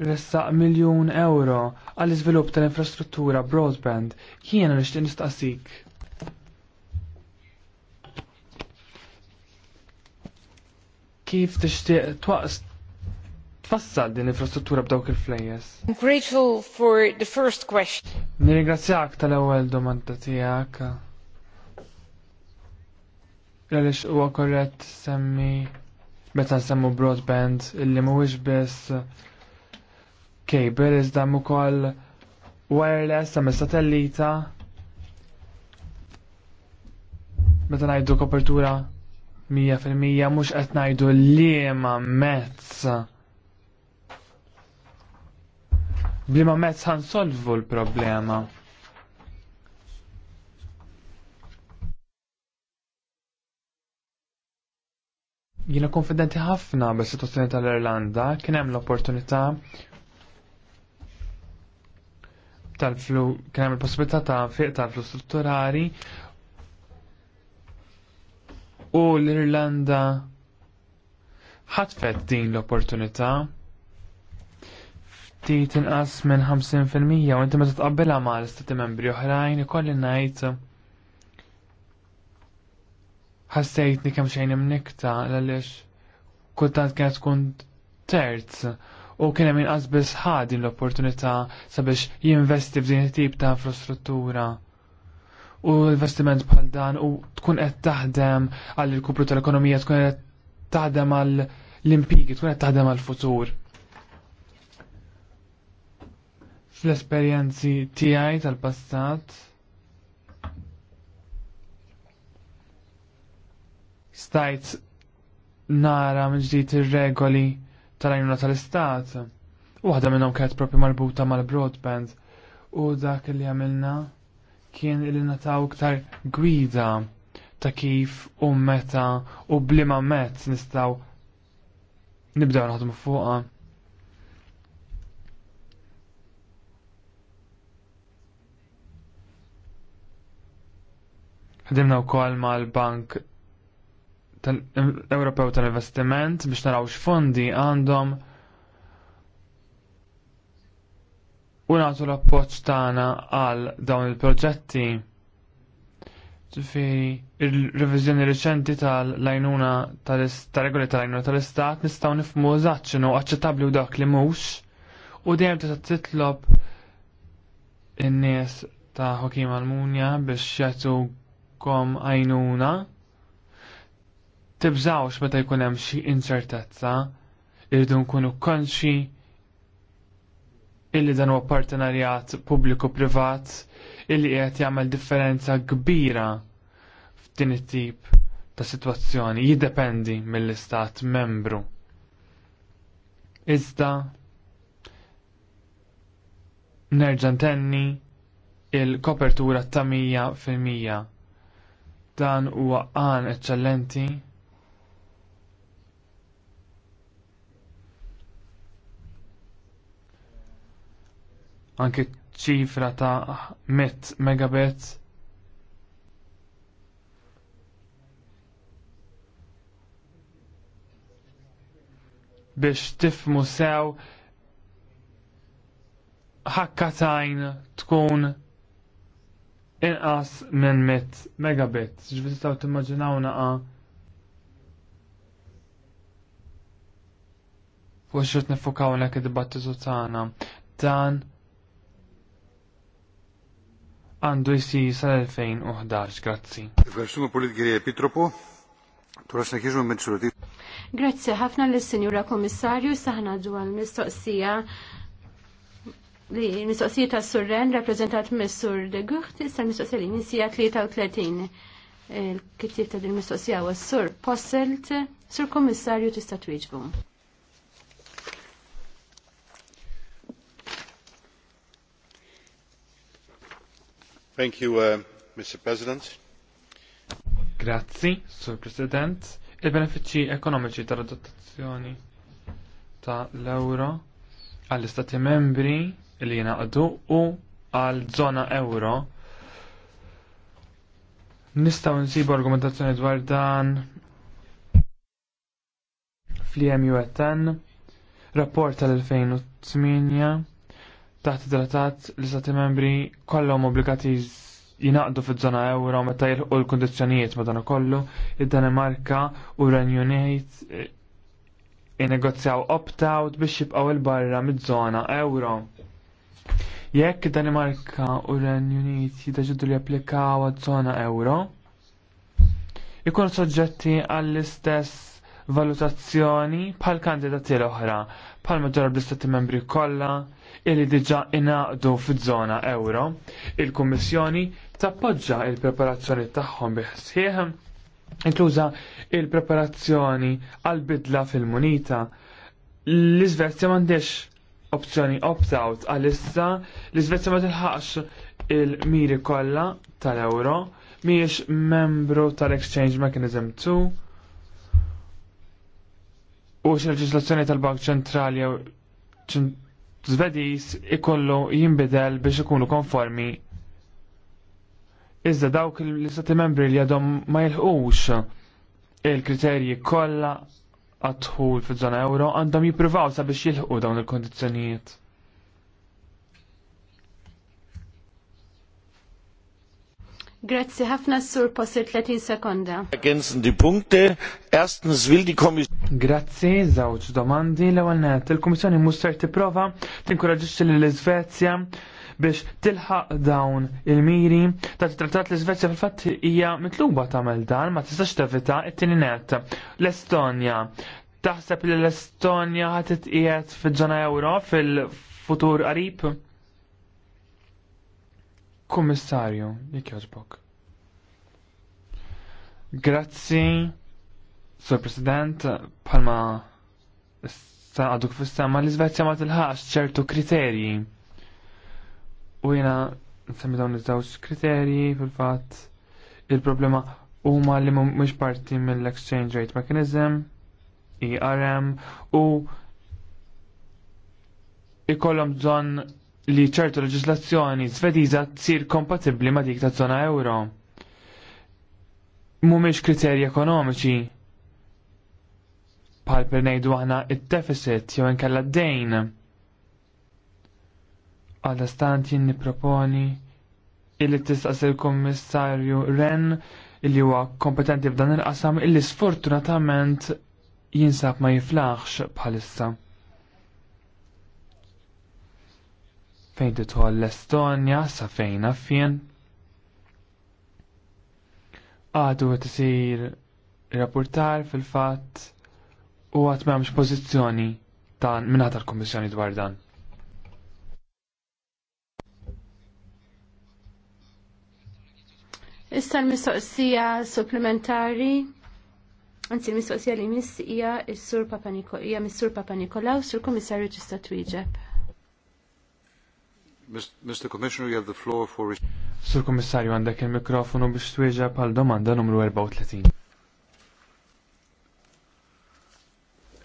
ressaq miljun euro għall-iżvilupp tal-infrastruttura broadband. Jiena nixtieq nistaqsik kif tixtieq twaqs tfassal din infrastruttura b'dawk il-flejjes. I'm grateful for the first question. Nirringrazzjak tal-ewwel domanda tiegħek. Għaliex huwa korrett semmi meta nsemmu broadband illi mhuwiex biss cable iżda hemm ukoll wireless ta' satellita meta ngħidu kopertura Mija fil-mija mux qed ngħidu liema mezz. Bliema mezz ħansolvu l-problema. Jiena konfidenti ħafna bis situazzjoni tal-Irlanda kien hemm l-opportunità tal-flu, kien hemm il-possibilità ta' fiq tal-flu strutturali u l-Irlanda ħatfet din l-opportunità ftit inqas minn 50% u inti meta titqabbilha mal istati membri oħrajn ikolli ngħid ħassejtni kemm xejn imnikta għaliex kultant kienet tkun terz u kien hemm inqas biss ħadin l-opportunità sabiex jinvesti f'din it-tip ta' infrastruttura u investiment bħal dan u tkun qed taħdem għall kupru tal-ekonomija, tkun qed taħdem għall l-impigi, tkun qed taħdem għall futur Fl-esperjenzi tiegħi tal-passat stajt nara minn ġdid ir-regoli tal-għajnuna tal-istat. Waħda minnhom kienet proprju marbuta mal-broadband u dak li għamilna kien li nataw iktar gwida ta' kif u meta u blima met nistaw nibdew naħdmu fuqha. ħdimna wkoll mal-Bank tal-Ewropew tal-Investiment biex narawx fondi għandhom u nagħtu l-appoġġ tagħna għal dawn il-proġetti. Ġifieri ir-reviżjoni riċenti tal-lajnuna tal-regoli tal-lajnuna tal-istat nistgħu nifhmu eżatt x'inhu aċċettabbli u dak li mhux u dejjem tista' titlob in-nies ta' ħokim Almunja biex jagħtu kom għajnuna. Tibżawx meta jkun hemm xi inċertezza, irridu nkunu konxi illi dan huwa partenarjat pubbliku privat illi qed jagħmel differenza kbira f'din it-tip ta' sitwazzjoni jiddependi mill-istat membru. Iżda nerġa' ntenni il-kopertura ta' 100% fil-mija. Dan huwa għan eċċellenti anke ċifra ta' 100 megabit. biex tifmu sew ħakkatajn tkun inqas minn 100 megabit. Ġifieri tistgħu timmaġinaw naqa' fuq xi nifukaw lek id-dibattitu tagħna. Dan għandu jisir sal-2011. Grazzi. Għaxtunu politika epitropo, tura s-nekiġu Grazzi, ħafna l senjura Komissarju, saħna għal mistoqsija li mistoqsija ta' Surren, rappresentat Messur de Gucht, issa mistoqsija li nisija 33. Il-kittib ta' din mistoqsija s Sur Posselt, Sur Komissarju tista' twieġbu. Thank you, uh, Mr. President. Grazzi, Sur President. Il-benefiċċji ekonomiċi tal-adottazzjoni tal l-euro għall-istati membri li jingħaqdu u għal-zona euro Nistaw nsibu argumentazzjoni dwar dan fl-EMU rapport tal-2008 taħt trattat li stati membri kollhom obbligati jinaqdu fil żona euro meta jilħu l-kundizzjonijiet madana kollu id-Danimarka u Renju Unit eh, inegozjaw opt-out biex jibqgħu il-barra miż-żona euro. Jekk id-Danimarka u Renju Unit jiddeċidu li japplikaw għad-żona euro, ikun soġġetti għall-istess valutazzjoni bħal kandidati l-oħra palma ġara bl-istati membri kollha illi diġa inaqdu fiż-żona euro, il-Kummissjoni tappoġġa il-preparazzjoni tagħhom biħsieħ, inkluża il-preparazzjoni għal bidla fil-munita. L-Iżvezja m'għandix opzjoni opt-out għalissa, l-Iżvezja ma tilħaqx il-miri kollha tal-euro, miex membru tal-Exchange Mechanism 2, u x-leġislazzjoni tal-Bank ċentrali jew Zvedis ikollu jimbidel biex ikunu konformi. Iżda dawk l-istati membri li għadhom ma jilħux il-kriterji kollha għadħul fi żona euro għandhom jippruvaw sabiex jilħqu dawn il-kondizzjonijiet. Grazzi ħafna sur posir 30 sekonda. Ergänzen die Punkte. Erstens will die Kommission. Grazzi, żewġ domandi l-ewwel net. Il-Kummissjoni prova tipprova tinkoraġġixxi lill iżvezja biex tilħaq dawn il-miri ta' trattat l-Svezja fil-fatt hija mitluba tagħmel dan ma tistax tevita it-tieni net. L-Estonja taħseb li l-Estonja ħadd titqiegħed fiż-żona Ewro fil-futur qarib? Kommissarju, jek jozbok. Grazzi, Sur President, palma issa għaduk fissama l-Izvezja ma tilħax ċertu kriterji. U jena nsemmi dawn iż-żewġ kriterji fil-fatt il-problema huma li mhux parti mill-exchange rate mechanism, IRM e u ikollhom bżonn li ċertu leġislazzjoni svediża tsir kompatibbli ma' dik ta' żona euro. Mhumiex kriterji ekonomiċi bħal per ngħidu aħna id-deficit jew inkella d-dejn. Għadda stant jien nipproponi illi tistaqs il-Kummissarju Ren illi huwa kompetenti f'dan il-qasam illi sfortunatament jinsab ma jiflaħx bħalissa. fejn titħol l-Estonja sa fejn affien. Għadu għet sir rapportar fil-fatt u għat m'hemmx pożizzjoni ta' minna tal-Kummissjoni dwar dan. Issa l-mistoqsija supplementari, anzi l-mistoqsija li missija is-sur Papa Nikolaw, sur Komissarju ġista twieġeb. Mr. Commissioner, you have the floor for... Sur Kommissarju għandek il-mikrofonu biex twieġa pal domanda numru 34.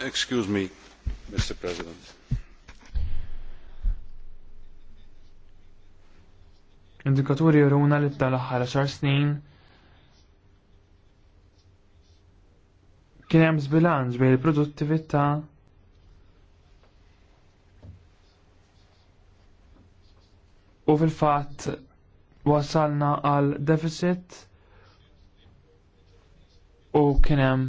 Excuse me, Mr. President. Indikaturi juruna li tal-aħħar xar snin kien hemm żbilanċ bejn il-produttività u fil-fatt wasalna għal deficit u kienem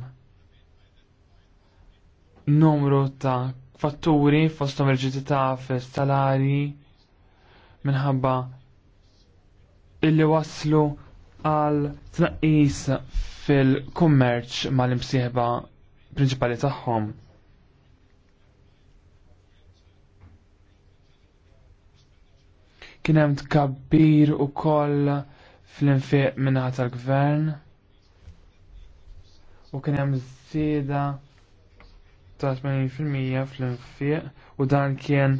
numru ta' fatturi fostom il-ġitita fil-salari minħabba illi waslu għal tnaqis fil-kummerċ mal-imsieħba prinċipali tagħhom. Kien hemm tkabbir ukoll fl-infiq minnaħa tal-gvern u kien hemm żieda ta' 80% fl-infiq u dan kien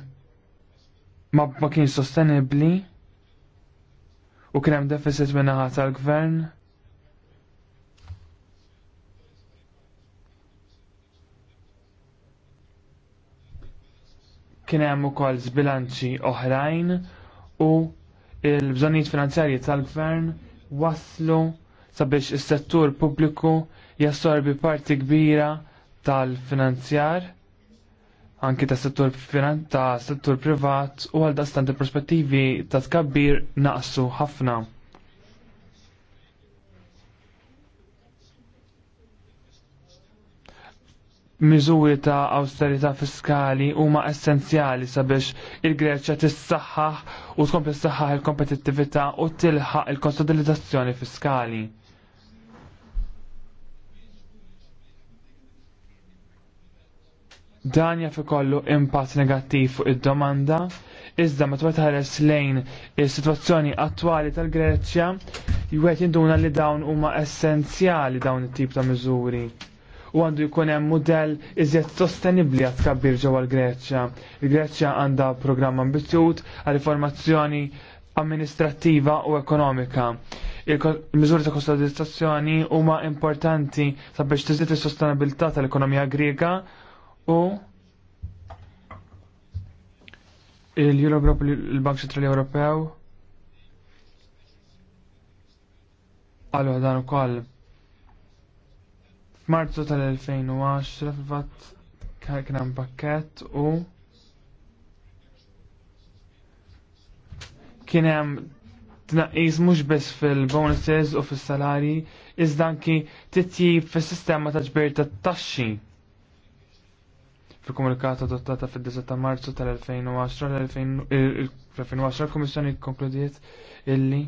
ma, ma kien sostenibli u kien hemm deficit minnaħa tal-gvern. Kien hemm ukoll zbilanċi oħrajn u il-bżonijiet finanzjarji tal-gvern waslu sabiex is-settur pubbliku jassorbi parti kbira tal-finanzjar anki ta' settur finan ta' settur privat u għal dastan il-prospettivi ta' tkabbir naqsu ħafna. miżuri ta' austerità fiskali huma essenzjali sabiex il-Greċja tissaħħaħ u tkompli tissaħħaħ il-kompetittività u tilħaq il-konsolidizzazzjoni fiskali. Dan jaf ikollu impatt negattiv fuq id-domanda, iżda meta tħares lejn is-sitwazzjoni attwali tal-Greċja, jwet jinduna li dawn huma essenzjali dawn it-tip ta' miżuri u għandu jkun hemm mudell iżjed sostenibbli għat tkabbir ġewwa l-Greċja. Il-Greċja għandha programm ambizzjuż għal riformazzjoni amministrattiva u ekonomika. Il-miżuri ta' kostadizzazzjoni huma importanti sabiex tiżid is-sostenibilità tal-ekonomija Griega u il il-Bank Ċentrali Ewropew Allora dan ukoll F'Marzu tal-2010 fil-fatt kien hemm pakkett u kien hemm tnaqqis mhux biss fil-bonuses u fis-salari iżda anki titjib fis-sistema ta' ġbir tat-taxxi. fil komunikata adottata fid-10 ta' Marzu tal-2010 l-2010 il-Kummissjoni konkludiet illi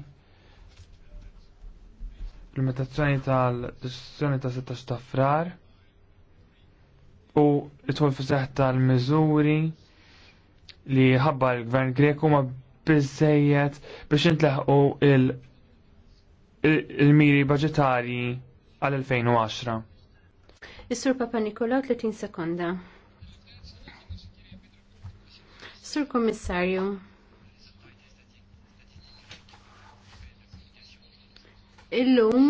l imitazzjoni tal-deċizzjoni ta' 16 ta' frar u it-tħol fiseħ tal-miżuri li ħabba l-gvern Greku ma bizzejiet biex intlaħqu il-miri budgetari għal-2010. Is-Sur Papa Nikolaw 30 sekonda. Sur Kommissarju, Illum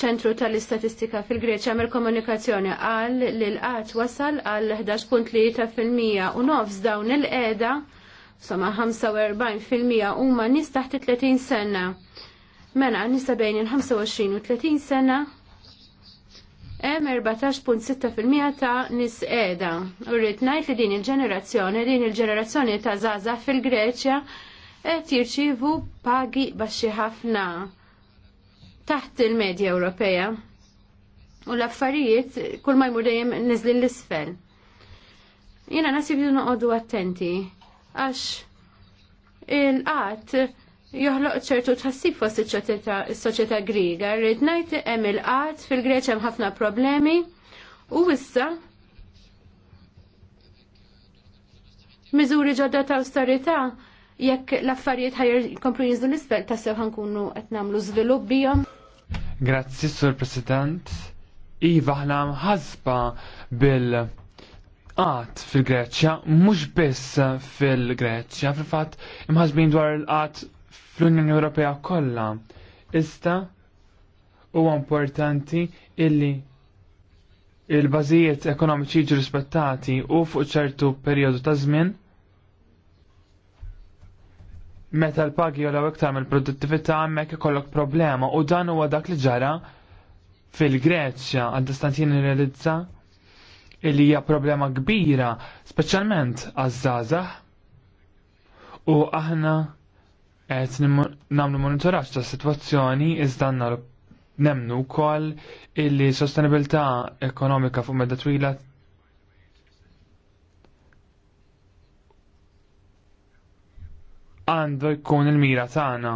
ċentru tal-istatistika fil-Greċja għamil komunikazzjoni għal li l-qat wasal għal 11.3% u nofs dawn il-qeda somma 45% huma nies taħt 30 sena. Mena nista bejn il-25 u 30 sena hemm 14.6% ta' nies qiegħda. U rrid ngħid li din il-ġenerazzjoni, din il-ġenerazzjoni ta' żgħażagħ fil-Greċja qed jirċievu pagi baxxi ħafna taħt il-medja Ewropea u l-affarijiet kull ma jmur dejjem niżlin l-isfel. Jiena nasib li noqogħdu attenti għax il-qatt joħloq ċertu tħassib fost is-soċjetà Griega. Rrid ngħid hemm il-qatt fil-Greċja hemm ħafna problemi u issa miżuri ġodda ta' austerità jekk l-affarijiet ħajr komplu jizdu l-isfel ta' sew ħankunu qed nagħmlu żvilupp bijom. Grazzi, Sur President. Iva ħna mħasba bil qat fil-Greċja, mhux biss fil-Greċja, fil-fatt imħazbin dwar il-qat fl-Unjoni Ewropea kollha. Ista huwa importanti illi il-bażijiet ekonomiċi jiġu rispettati u fuq ċertu perjodu ta' żmien meta l-pagi jew iktar mill-produttività hemmhekk ikollok problema u dan huwa dak li ġara fil-Greċja għal distanzjien realizza li hija problema kbira, speċjalment għaż-żgħażagħ. U aħna qed nagħmlu monitoraġġ ta' sitwazzjoni iżda nemnu wkoll illi sostenibilità ekonomika fuq medda twila għandu jkun il-mira tagħna.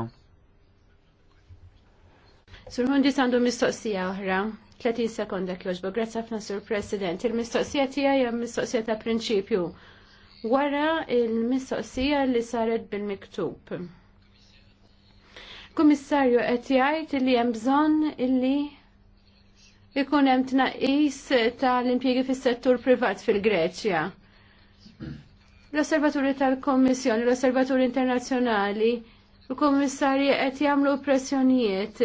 Sur Hundis għandu mistoqsija oħra. 30 sekonda kjoġbo, grazzi ħafna Sur President. Il-mistoqsija tiegħi hija mistoqsija ta' prinċipju. Wara il-mistoqsija li saret bil-miktub. Kummissarju qed jgħid li hemm bżonn illi ikun hemm tnaqqis tal-impjiegi fis-settur privat fil-Greċja. L-Osservaturi tal-Kommissjoni, l-Osservaturi Internazzjonali, l-Kommissarji qed jagħmlu pressjonijiet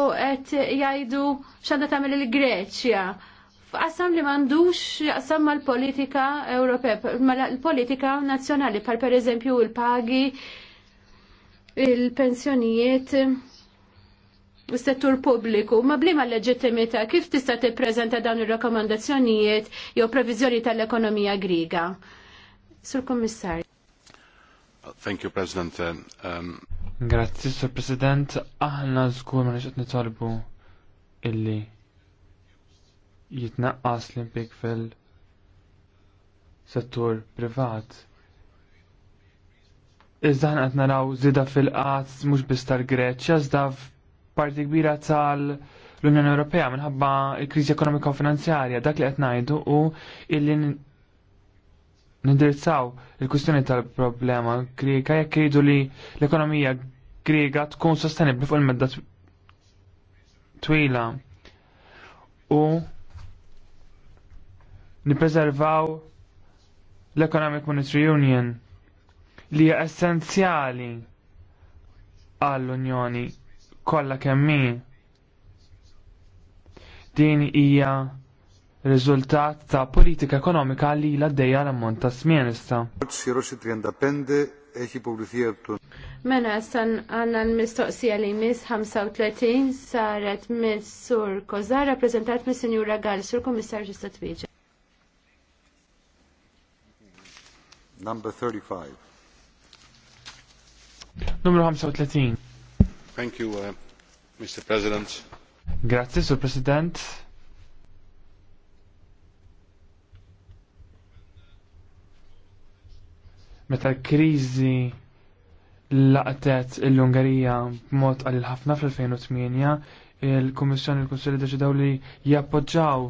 u qed jgħidu x'għandha tagħmel il-Greċja. F'qasam li m'għandux jaqsam mal-politika Ewropea, mal-politika nazzjonali, bħal pereżempju il-pagi, il-pensjonijiet settur pubbliku, ma blima leġittimita, kif tista' tippreżenta dawn ir-rakkomandazzjonijiet jew previżjoni tal-ekonomija griga? Sur Kommissar. Thank you, President. Um, um, Grazzi, Sur President. Aħna żgur ma qed nitolbu illi jitnaqqas l-impik fil-settur privat. Iżda ħana qed naraw żida fil-qat mhux biss tal-Greċja, iżda f'parti kbira tal- l-Unjoni Ewropea minħabba l kriżi ekonomika u finanzjarja dak li qed ngħidu u il-li nindirizzaw il-kustjoni tal-problema Grieka jekk jridu li l-ekonomija Griega tkun sostenibli fuq il-medda twila u nipreservaw l-Economic Monetary Union li hija essenzjali għall-Unjoni kollha kemm din hija riżultat ta' politika ekonomika li la dejja l-ammont ta' smien issa. E Mena san għanna l-mistoqsija li mis 35 saret mis Sur Kozar rappresentat mis Senjura Gall, Sur Komissar Ġistat Number 35. Numru 35. Thank you, uh, Mr. President. Grazie, Sur President. meta l-kriżi laqtet l-Ungerija b'mod għalil ħafna fl-2008 il-Kummissjoni l kunsilli deċidaw li jappoġġaw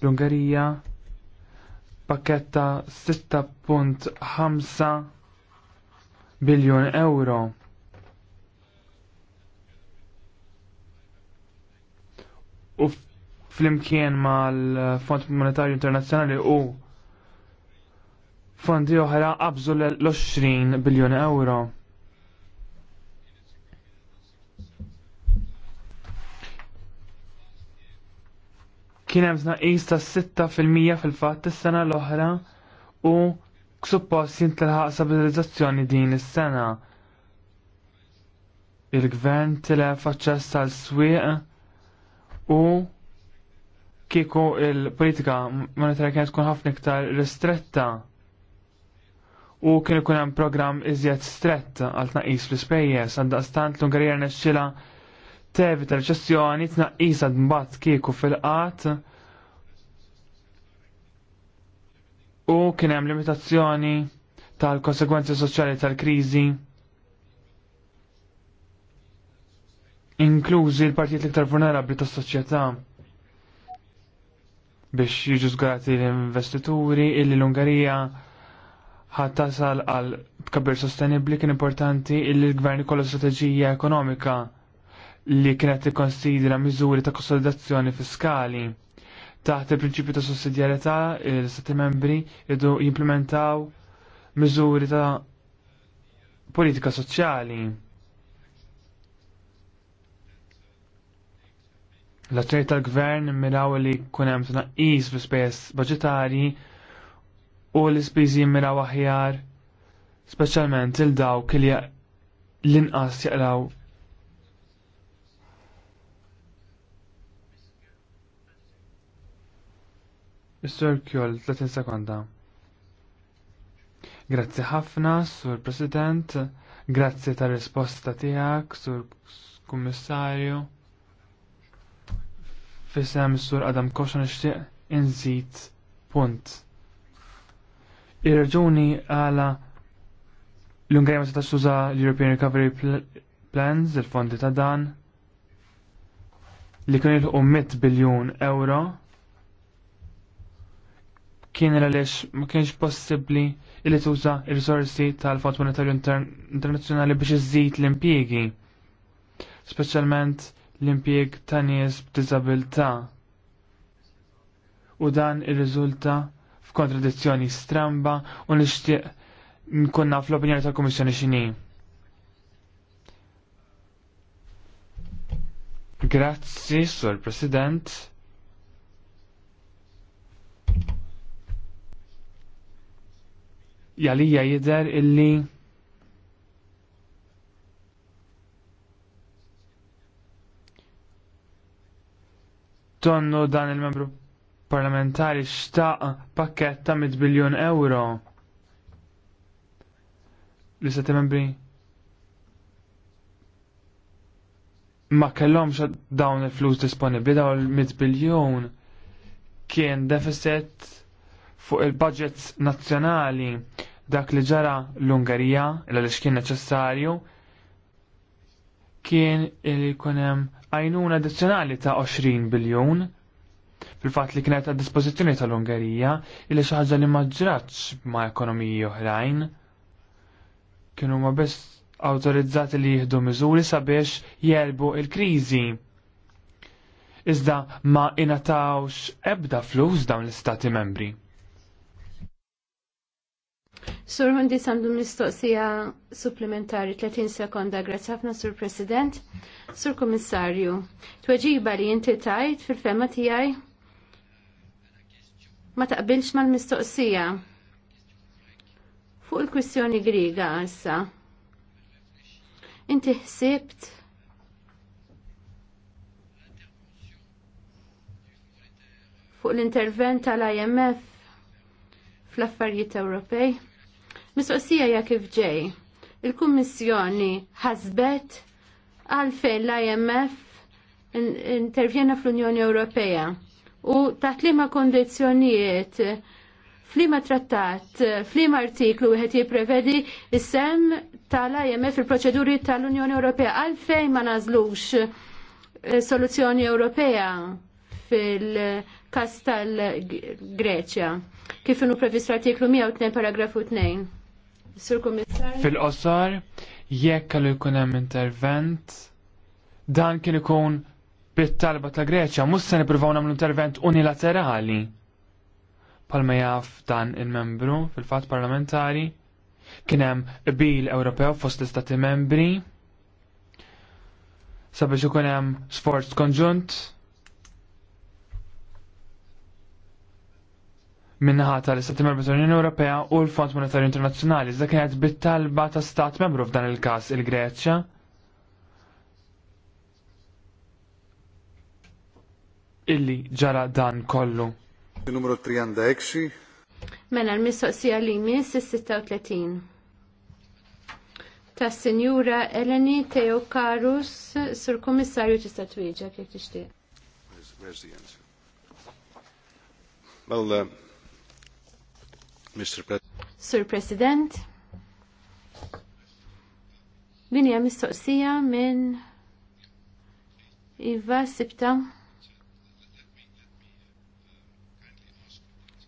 l-Ungerija pakketta 6.5 biljon euro. U flimkien mal-Fond Monetarju Internazzjonali u fondi oħra qabżu l-20 biljun euro. Kien hemm tnaqqis ta' 6% fil-fatt is-sena l-oħra u suppost jintilħaq stabilizzazzjoni din is-sena. Il-gvern tilef aċċess tal swieq u kieku il-politika monetarja kienet tkun ħafna iktar ristretta u kien ikun hemm programm iżjed strett għal tnaqqis fl-ispejjeż għaddaqstant l-Ungerija nexxilha tevita l-ċessjoni tnaqqis għad mbagħad kieku fil-qat u kien hemm limitazzjoni tal-konsegwenzi soċjali tal-kriżi inklużi l-partijiet l-iktar vulnerabbli tas-soċjetà biex jiġu żgurati l-investituri illi l-Ungarija tasal għal tkabbir sostenibli kien importanti illi l-gvern kollu strateġija ekonomika li kienet tikkonsidra miżuri ta' konsolidazzjoni fiskali. Taħt il-prinċipju ta' sussidjarjetà l-Stati membri jdu jimplementaw miżuri ta' politika soċjali. L-azzjoni tal-gvern miraw li kunem tnaqqis fi spejjeż budġetarji u l-ispiżi miraw aħjar, speċjalment il dawk li l-inqas jaqraw. is Kjol, 30 sekonda. Grazzi ħafna, Sur President, grazzi tar risposta tiegħek, Sur Kummissarju. Fisem Sur Adam Koshan, nixtieq inżid punt. Ir-raġuni għala l-Ungarija ma setax tuża l-European Recovery Plans, il-fondi ta' dan, li kien jilħu 100 biljun euro, kien għaliex ma kienx possibbli li tuża ir-risorsi tal-Fond Monetarju Internazzjonali biex iżid l-impjiegi, speċjalment l impjeg ta' nies b'diżabilità. U dan il riżulta f'kontradizzjoni stramba u nixtieq nkun naf l-opinjoni tal-Kummissjoni x'inhi. Grazzi, Sur President. Jalija jidher illi tonnu dan il-membru parlamentari xtaq pakket ta' 100 biljun euro. Li se membri ma kellhomx dawn il-flus disponibli dawn il-100 biljun kien deficit fuq il-budgets nazzjonali dak li ġara l-Ungarija illa li kien neċessarju kien il-kunem għajnuna addizzjonali ta' 20 biljun fil-fatt li kienet għad dispozizjoni tal-Ungerija illi xi ħaġa li ma ġratx ma' ekonomiji oħrajn. Kienu ma bess awtorizzati li jieħdu miżuri sabiex jelbu il-kriżi. Iżda ma inatawx ebda flus dawn l-istati membri. Sur Hundi samdu mistoqsija supplementari 30 sekonda grazzi ħafna Sur President, Sur Komissarju. Tweġiba li inti tajt fil-fema tiegħi ma taqbilx mal-mistoqsija. Fuq il kwissjoni griga għassa. Inti ħsibt fuq l-intervent tal-IMF fl-affarijiet Ewropej. Mistoqsija ja kif ġej. Il-Kummissjoni ħasbet għalfejn l-IMF intervjena fl-Unjoni Ewropea u taħt liema kondizzjonijiet flima trattat, flima artiklu wieħed jipprevedi is-sem tal-IMF il-proċeduri tal-Unjoni Ewropea għalfejn ma nażlux eh, soluzzjoni Ewropea fil-kas tal-Greċja. Kif inu previst artiklu 102 paragrafu 2. Sur Komissar. Fil-qosor, jekk għallu jkun hemm intervent, dan kien ikun bit-talba ta' Greċja mhux se nippruvaw nagħmlu intervent unilaterali. Palma jaf dan il-membru fil fat parlamentari kien hemm bil Ewropew fost l-istati membri sabiex ikun hemm sforz konġunt minnaħa tal-Istati Membri tal-Unjoni Ewropea u l-Fond Monetarju Internazzjonali iżda kienet bit-talba ta' stat membru f'dan il-każ il-Greċja. il każ il greċja illi ġara dan kollu. Numru 36. E mela l-mistoqsija li minn is-36. Ta' Senjura Eleni Teokarus, Sur Komissarju tista' twieġeb kif tixtieq. Where's the answer? Well, uh, Mr. President. Sir President, din hija mistoqsija minn Iva Sibta.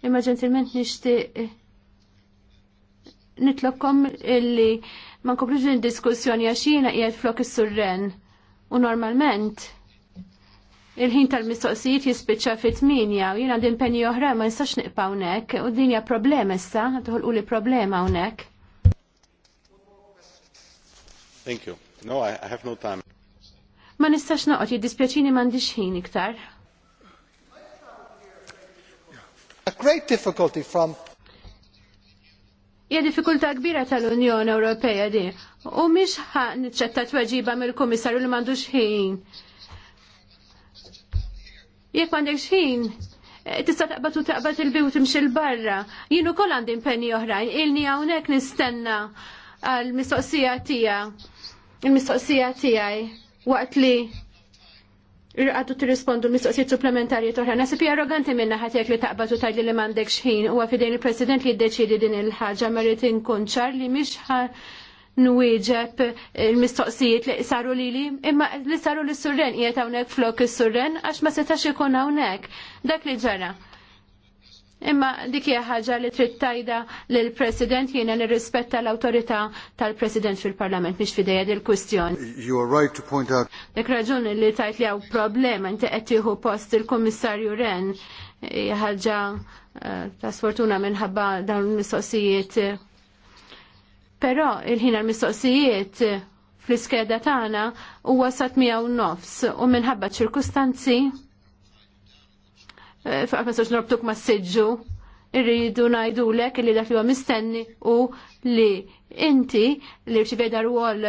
imma ġentilment nixtieq eh, Nitlokkom illi ma nkompluġ id diskussjoni għax jiena qiegħed flok is-surren u normalment il-ħin tal-mistoqsijiet jispiċċa fit-tminja u jiena din penji oħra ma nistax niqpa' hawnhekk u din hija problema issa, toħolqu li problema hawnhekk. Thank you. No, I, I have no time. Ma nistax noqgħod jiddispjaċini m'għandix ħin iktar. A great difficulty from Hija diffikultà kbira tal-Unjoni Ewropea di. U mhix ħaq niċċetta tweġiba mill-Kummissarju li m'għandux ħin. Jekk m'għandekx ħin, eh, tista' taqbad u taqbad il-bi u timxi l-barra. Jien ukoll għandi impenni oħrajn, ilni hawnhekk nistenna għall-mistoqsija tiegħek. Il-mistoqsija tiegħi waqt li għaddu t-rispondu mistoqsijiet supplementari toħra. Nasib arroganti minna ħatjek li taqbad u tajli li mandek xħin u għafidejn il-President li d-deċidi din il-ħagġa marrit inkun ċar li miex nwieġeb il-mistoqsijiet li saru li li imma li saru li surren jiet hawnhekk flok is-surren għax ma setax ikun hawnhekk. Dak li ġara. Imma dik hija ħaġa li trid tajda lil President jiena nirrispetta l-awtorità tal-President fil-Parlament mhix fidejja il kwistjoni You are right to point out. Dik raġuni li tajt li hawn problema inti qed tieħu post il-Kummissarju Ren hija ħaġa eh, ta' sfortuna minħabba dawn il-mistoqsijiet. Però il-ħin għal-mistoqsijiet fl-iskeda tagħna huwa sat miegħu nofs u minħabba ċirkustanzi fuq ma norbtuk ma s-sidġu, irridu lek li dak li huwa mistenni u li inti li rċivej rwol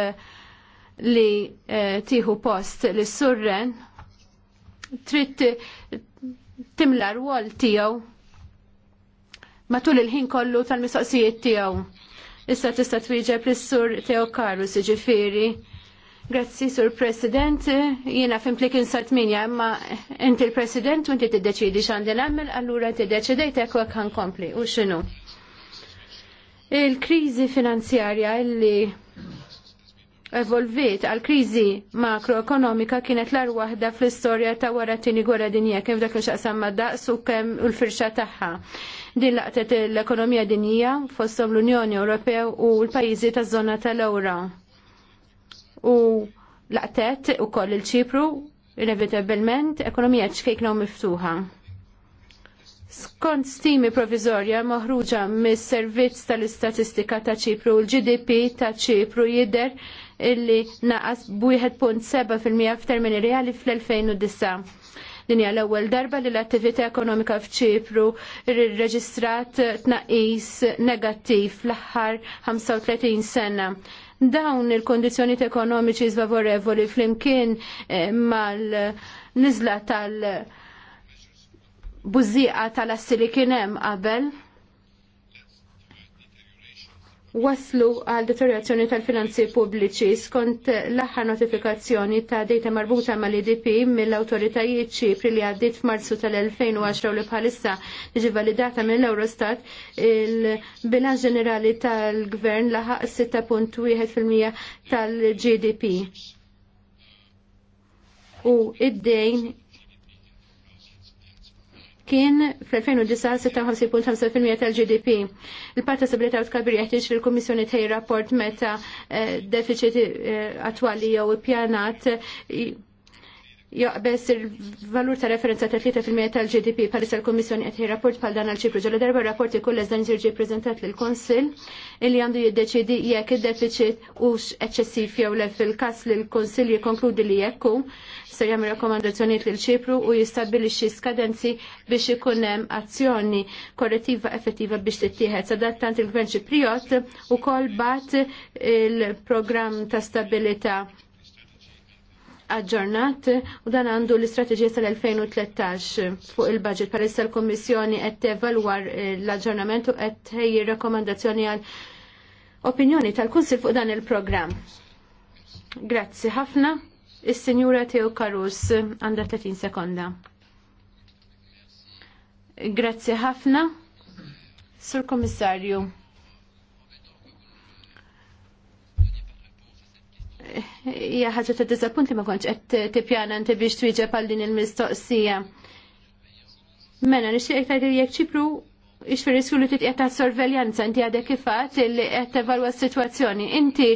li eh, tieħu post li surren trid timla rwol tiegħu matul il-ħin kollu tal-mistoqsijiet tiegħu. Issa tista' twieġeb lis-sur Teo Karus, ġifieri Grazzi, Sur President. Jiena fim li kien sart minja, imma inti l-President u inti din x'għandi għallura allura tiddeċidejt hekk hekk kompli. U x'inhu? Il-kriżi finanzjarja illi evolvit għal kriżi makroekonomika kienet l waħda fl-istorja ta' wara tini gwerra dinja kif dak xaqsam daqs u kemm u l-firxa tagħha. Din laqtet l-ekonomija dinja fosthom l-Unjoni Ewropew u l-pajjiżi taż-żona tal-Ewro u laqtet u koll il-ċipru inevitabilment ekonomija ċkejkna u miftuħa. Skont stimi provizorja maħruġa mis servizz tal-istatistika ta' ċipru, l-GDP ta' ċipru jider illi naqas b-1.7% f'termini reali fl-2009. Dinja l-ewwel darba li l-attività ekonomika f'ċipru rreġistrat tnaqqis negattiv fl-aħħar 35 sena. Dawn il-kondizjoni ekonomiċi sfavorevoli flimkien eh, mal-nizla tal- buzziqa tal assili kienem qabel waslu għal deteriorazzjoni tal-finanzi pubbliċi skont l-aħħar notifikazzjoni ta' dejta marbuta mal-IDP mill-awtoritajiet ċipri li għaddit f'Marzu tal-2010 li bħalissa ġi validata mill-Eurostat il-bilanċ ġenerali tal-gvern laħaq 6.1% tal-GDP. U id-dejn kien fl-2009 56.5% tal-GDP. Il-parta stabilità u tkabir jeħtieġ fil kummissjoni tej rapport meta eh, deficit eh, attwali jew ippjanat joqbes il-valur ta' referenza ta' 3% tal-GDP palissa l-Komissjoni qed rapport pal dan għal-ċipru ġol darba rapporti ikull eżdan ġirġi prezentat l-Konsil illi għandu jiddeċidi jekk id-deficit hux eċċessiv jew le fil-każ li l-Konsil jikkonkludi li jekk hu ser jagħmel rakkomandazzjonijiet lil ċipru u jistabbilixxi skadenzi biex ikun hemm azzjoni korrettiva effettiva biex tittieħed. Sadattant il-Gvern Ċipriot ukoll bat il-programm ta' stabilità aġġornat u dan għandu l-istrateġija tal-2013 fuq il-budget palissa l-Kommissjoni qed tevalwar l-aġġornament u qed tħejji rekomandazzjoni għal opinjoni tal-Kunsil fuq dan il-programm. Grazzi ħafna. Is-Sinjura Teo Karus għandha 30 sekonda. Grazzi ħafna. Sur Komissarju. hija ħaġa ta' diżappunt li ma kontx qed tippjana inti biex twieġeb għal din il-mistoqsija. Mela nixtieq tgħid li jekk Ċipru ixfir isku li titqiet ta' sorveljanza inti għadek kifat li qed tevalwa s-sitwazzjoni. Inti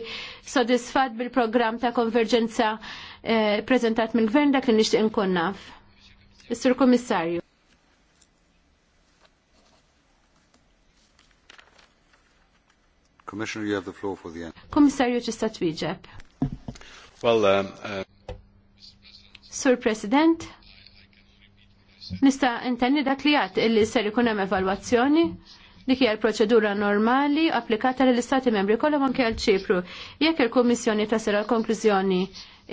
sodisfat bil-programm ta' konverġenza eh, preżentat mill-gvern dak li nixtieq inkun naf. Is-Sur Kummissarju. Commissioner, you have the floor for the end. a tweet, twieġeb. Well, um, uh... Sur President, nista' intenni dak li għat illi ser ikun hemm evalwazzjoni li hija l-proċedura normali applikata lill istati membri kollha anke għal ċipru. Jekk il-Kummissjoni tasir għal konklużjoni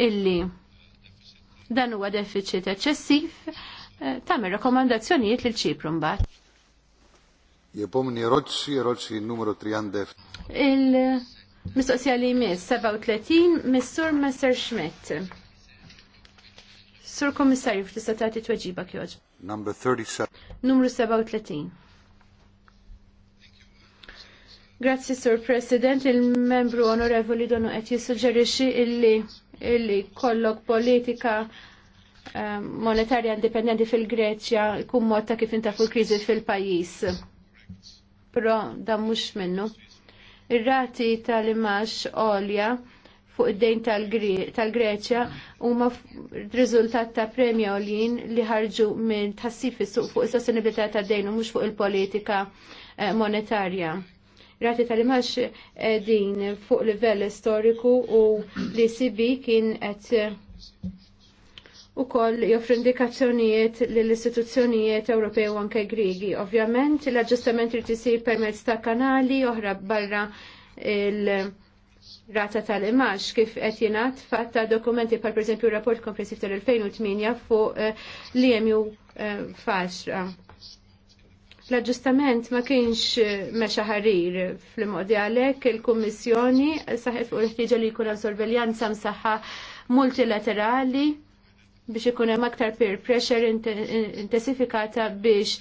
illi dan huwa deficit eċċessiv, eh, tagħmel rakkomandazzjonijiet lil ċipru mbagħad. Jepomni roċi, roċi numru 30. Mistoqsija li jmiss 37 Missur Messer Schmidt. Sur Komissarju f'tista' tagħti tweġiba kjoġ. Number 37. Numru 37. Grazzi, Sur President. Il-membru onorevoli donu qed jissuġġerixxi illi illi kollok politika eh, monetarja indipendenti fil-Greċja jkun mod ta' kif intafu l-kriżi fil-pajjiż. Però dan mhux minnu. Ir-rati tal-imax olja fuq id-dejn tal-Greċja huma riżultat ta' premja olin li ħarġu minn tassif fuq is-sostenibilità tad-dejn u mhux fuq il-politika eh, monetarja. Rati tal-imax eh, din fuq livell storiku u li sibi kien qed u koll joffri indikazzjonijiet l-istituzzjonijiet Ewropej u anke Grigi. Ovvjament, l-aġġustament li isir permezz ta' kanali oħra barra il-rata tal-imax kif qed jingħad fatta dokumenti par pereżempju rapport komprensiv tal-2008 fuq li jemju faxra. L-aġġustament ma kienx eh, meċa ħarir fl-modi għalek il-Kummissjoni saħet fuq l-ħtieġa li jkun sorveljanza msaħħa multilaterali biex ikun hemm aktar peer pressure intensifikata biex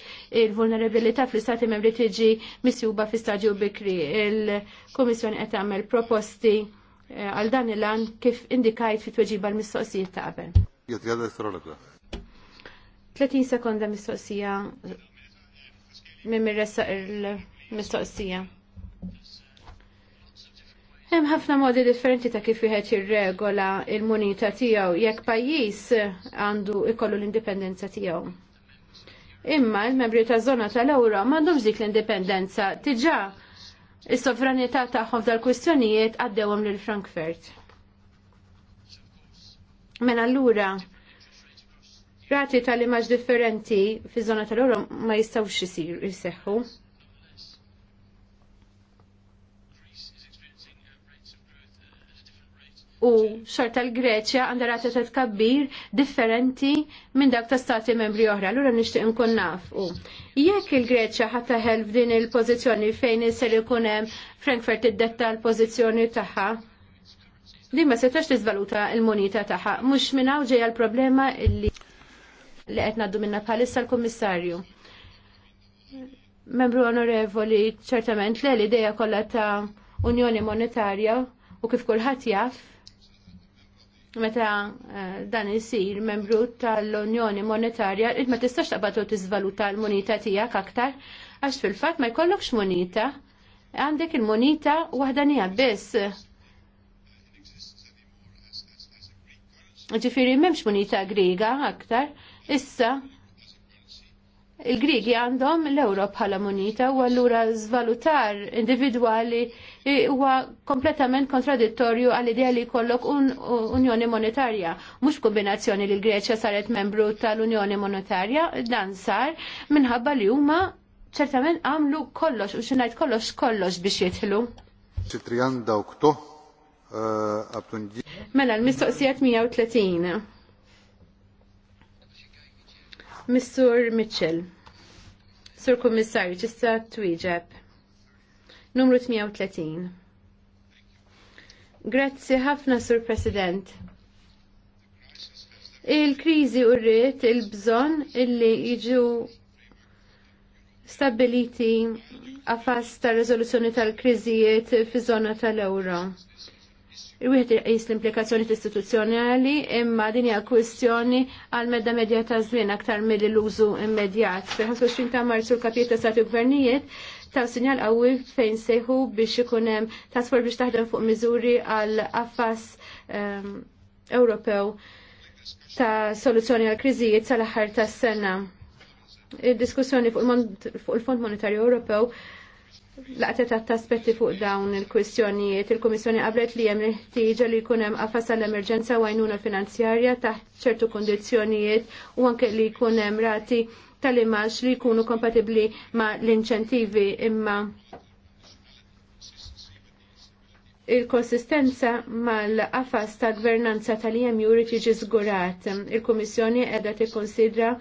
il-vulnerabilità fl-istati membri tiġi misjuba fi stadju bikri. Il-Kummissjoni qed tagħmel proposti eh, għal dan il għan kif indikajt fit tweġiba l-mistoqsijiet ta' qabel. 30 sekonda mistoqsija minn mir-ressa il-mistoqsija. Hemm ħafna modi differenti ta' kif wieħed jirregola il-munita tiegħu jekk pajjiż għandu ikollu l-indipendenza tiegħu. Imma l-membri ta' żona tal-ewro m'għandhomx dik l-indipendenza diġà is-sovranità tagħhom dal-kwistjonijiet għaddewhom lil Frankfurt. Men mela allura rati tal-imaġ differenti fi żona tal-ewro ma jistgħux isir isseħħu. u xorta l-Greċja għandha rata ta' tkabbir differenti minn dak ta' stati membri oħra. Allura nixtieq nkun naf. Jekk il-Greċja ħadd taħel f'din il-pożizzjoni fejn isser ikun hemm Frankfurt iddetta l-pożizzjoni tagħha, din ma setax tiżvaluta l-munita tagħha. Mhux minn hawn ġejja l-problema li li qed ngħaddu minnha bħalissa l-Kummissarju. Membru onorevoli, ċertament le l-idea kollha ta' Unjoni Monetarja u kif kulħadd jaf meta eh, dan isir membru tal-Unjoni Monetarja, ma tistax taqbad u tiżvaluta l-munita tiegħek aktar għax fil-fatt ma jkollokx munita. Għandek il-munita nija biss. Ġifieri m'hemmx munita griega aktar. Issa il-Grigi għandhom l-euro bħala munita u allura zvalutar individwali huwa kompletament kontradittorju għal idea li kollok un unjoni monetarja. Mhux kombinazzjoni li l-Greċja saret membru tal-Unjoni Monetarja, dan sar minħabba li huma ċertament għamlu kollox u xinajt kollox kollox biex jitħlu. Eh, mela l-mistoqsijat 130. Mr. Mitchell. Sur Kummissarju tista' twieġeb. Numru 38. Grazzi ħafna, Sur President. Il-krizi u rrit il-bżon illi jiġu stabiliti għafas ta' rezoluzzjoni tal-kriżijiet fi zona tal-euro. Wieħed jis l-implikazzjoni istituzzjonali imma din hija kwistjoni għal medda medja ta' żmien aktar milli l-użu immedjat. Fil-25 ta' Marzu l-kapijiet ta' sati gvernijiet ta' sinjal qawwi fejn sejħu biex ikun hemm tasfor biex taħdem fuq miżuri għal affas ehm, Ewropew ta' soluzzjoni għal kriżijiet sal-aħħar tas-sena. il diskussjoni fuq il-Fond Monetarju Ewropew laqtet għat aspetti fuq dawn il-kwistjonijiet, il-Kummissjoni qablet li hemm ħtieġa li jkun hemm qafas għall-emerġenza għajnuna finanzjarja taħt ċertu kundizzjonijiet u anke li jkun hemm rati tal-imax li jkunu kompatibbli ma' l-inċentivi imma il-konsistenza mal-qafas ta' gvernanza tal-EMU jrid jiġi żgurat. Il-Kummissjoni qiegħda tikkonsidra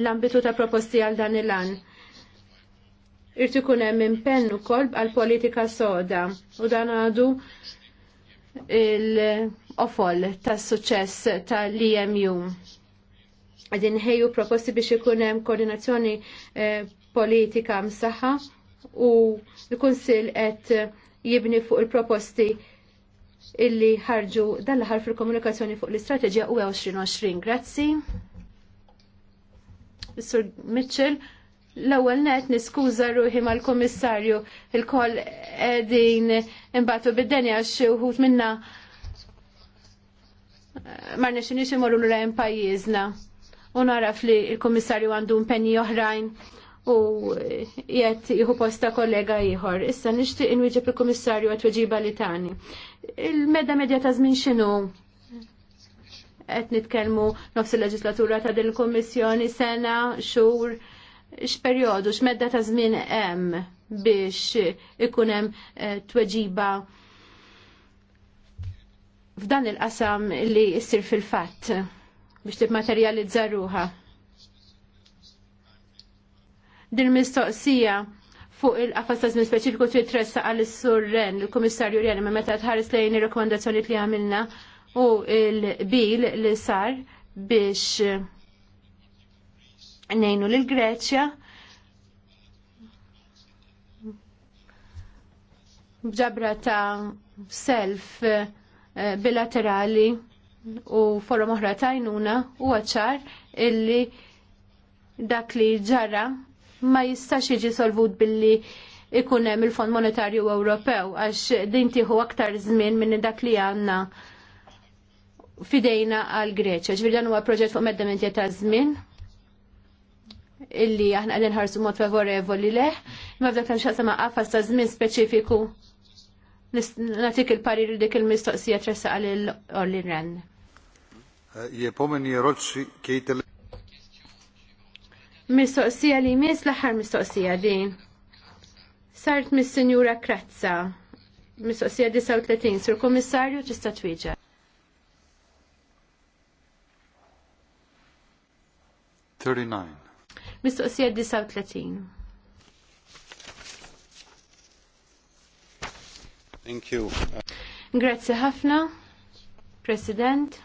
l-ambitu ta' proposti għal dan il-an irti kunem impenn ukoll għal politika soda u dan għadu il-ofol tas suċess tal-EMU. Għadin ħeju proposti biex ikunem koordinazzjoni eh, politika msaħħa u l-Kunsil qed jibni fuq il-proposti illi ħarġu dal-ħar fil-komunikazzjoni fuq l-istrateġija u 2020. E Grazzi. Mr. Mitchell, L-ewwel net niskuża ruħi mal-Kummissarju il-koll qegħdin imbagħtu bid-denja xi wħud minna ma nexinix imorru l hemm pajjiżna. U naraf li l-Kummissarju għandu impenji oħrajn u jett jieħu posta kollega ieħor. Issa nixtieq inwiġib il-Kummissarju għat weġiba li tani. Il-medda medja ta' żmien x'inhu qed nitkellmu nofs il-leġislatura ta' din il-Kummissjoni sena, xhur x'perjodu, x'medda ta' żmien hemm biex ikun hemm eh, tweġiba f'dan il-qasam li jsir fil-fatt biex tibmaterjalizza ruha. Din mistoqsija fuq il-qafas ta' żmien speċifiku tri tressa għal sur Ren, il-Kummissarju Ren, ma meta tħares lejn ir-rakkomandazzjoni li għamilna u l-bil li sar biex nejnu lil Greċja bġabra ta' self eh, bilaterali u forum oħra tajnuna u għacċar illi dak li ġara ma jistax jiġi solvut billi ikun hemm il-Fond Monetarju Ewropew għax din tieħu aktar żmien minn dak li għandna fidejna għal Greċja. Ġifier dan huwa proġett fuq medda minn ta' żmien illi aħna għadin ħarsu mod favorevoli leħ, ma f'dak li nxaqsama għafas ta' zmin speċifiku natik il-parir dik il-mistoqsija tressa għal il-Orlin Ren. Jepomeni roċi il- Mistoqsija li mis laħar mistoqsija din. Sart mis Senjura Kratza, Mistoqsija 39, sur komissarju tista' twieġa. Thirty-nine. Mistoqsija 39. Thank you. Grazie ħafna, President.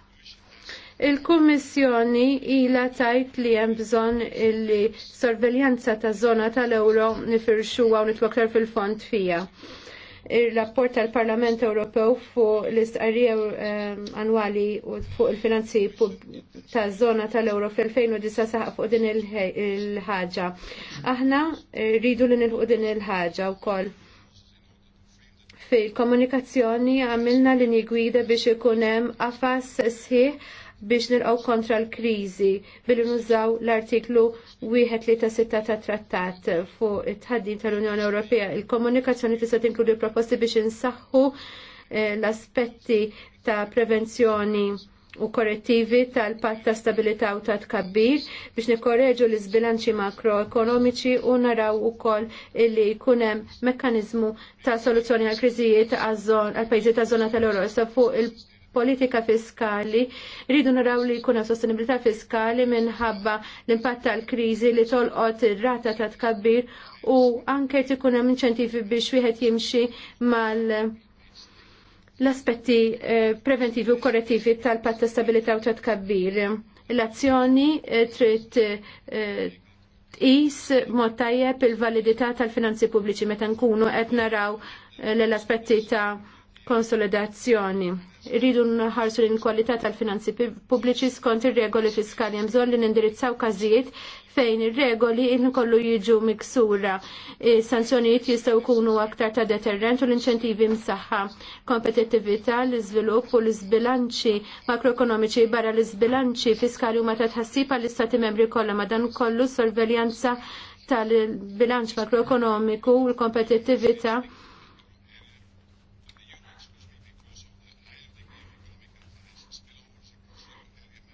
Il-Kummissjoni ila tajt li hemm bżonn illi sorveljanza ta' zona tal ewro nifirxuha u nitwakkar fil-fond fija il-rapport tal-Parlament Ewropew fuq l-istqarrija ehm, annwali u fuq il-finanzi ta' zona tal-Euro fil-2019 saħaq fuq din il-ħaġa. Aħna rridu li nilħu din il-ħaġa wkoll. Fil-komunikazzjoni għamilna linji gwida biex ikun hemm qafas sħiħ biex nilqgħu kontra l-kriżi billi nużaw l-artiklu 136 ta' trattat fuq it-tħaddin tal-Unjoni Ewropea. Il-komunikazzjoni tista' tinkludi proposti biex insaħħu eh, l-aspetti ta' prevenzjoni u korrettivi tal-patt ta' stabilità u ta' tkabbir biex nikorreġu l iżbilanċi makroekonomiċi u naraw ukoll illi jkun hemm mekkaniżmu ta' soluzzjoni għal kriżijiet għal pajzi ta' żona tal-Euro. fuq il politika fiskali, rridu naraw li jkun sostenibilità fiskali minħabba l-impatt tal-kriżi li tolqot ir-rata ta' tkabbir u anke tkun hemm inċentivi biex wieħed jimxi mal l-aspetti eh, preventivi u korrettivi tal-patt ta' stabilità u ta' tkabbir. L-azzjoni eh, trid eh, tqis mod tajjeb il-validità tal-finanzi pubbliċi meta nkunu qed naraw l-aspetti ta' konsolidazzjoni. Rridu nħarsu l-kwalità tal-finanzi pubbliċi skont ir-regoli fiskali hemm bżonn li nindirizzaw każijiet fejn ir-regoli inkollu jiġu miksura. E, sanzjonijiet jistgħu jkunu aktar ta' deterrent u l-inċentivi msaħħa, kompetittività, l-iżvilupp u l-iżbilanċi makroekonomiċi barra l-iżbilanċi fiskali huma ta' tħassib għall-istati membri kollha ma dan kollu sorveljanza tal-bilanċ makroekonomiku u l-kompetittività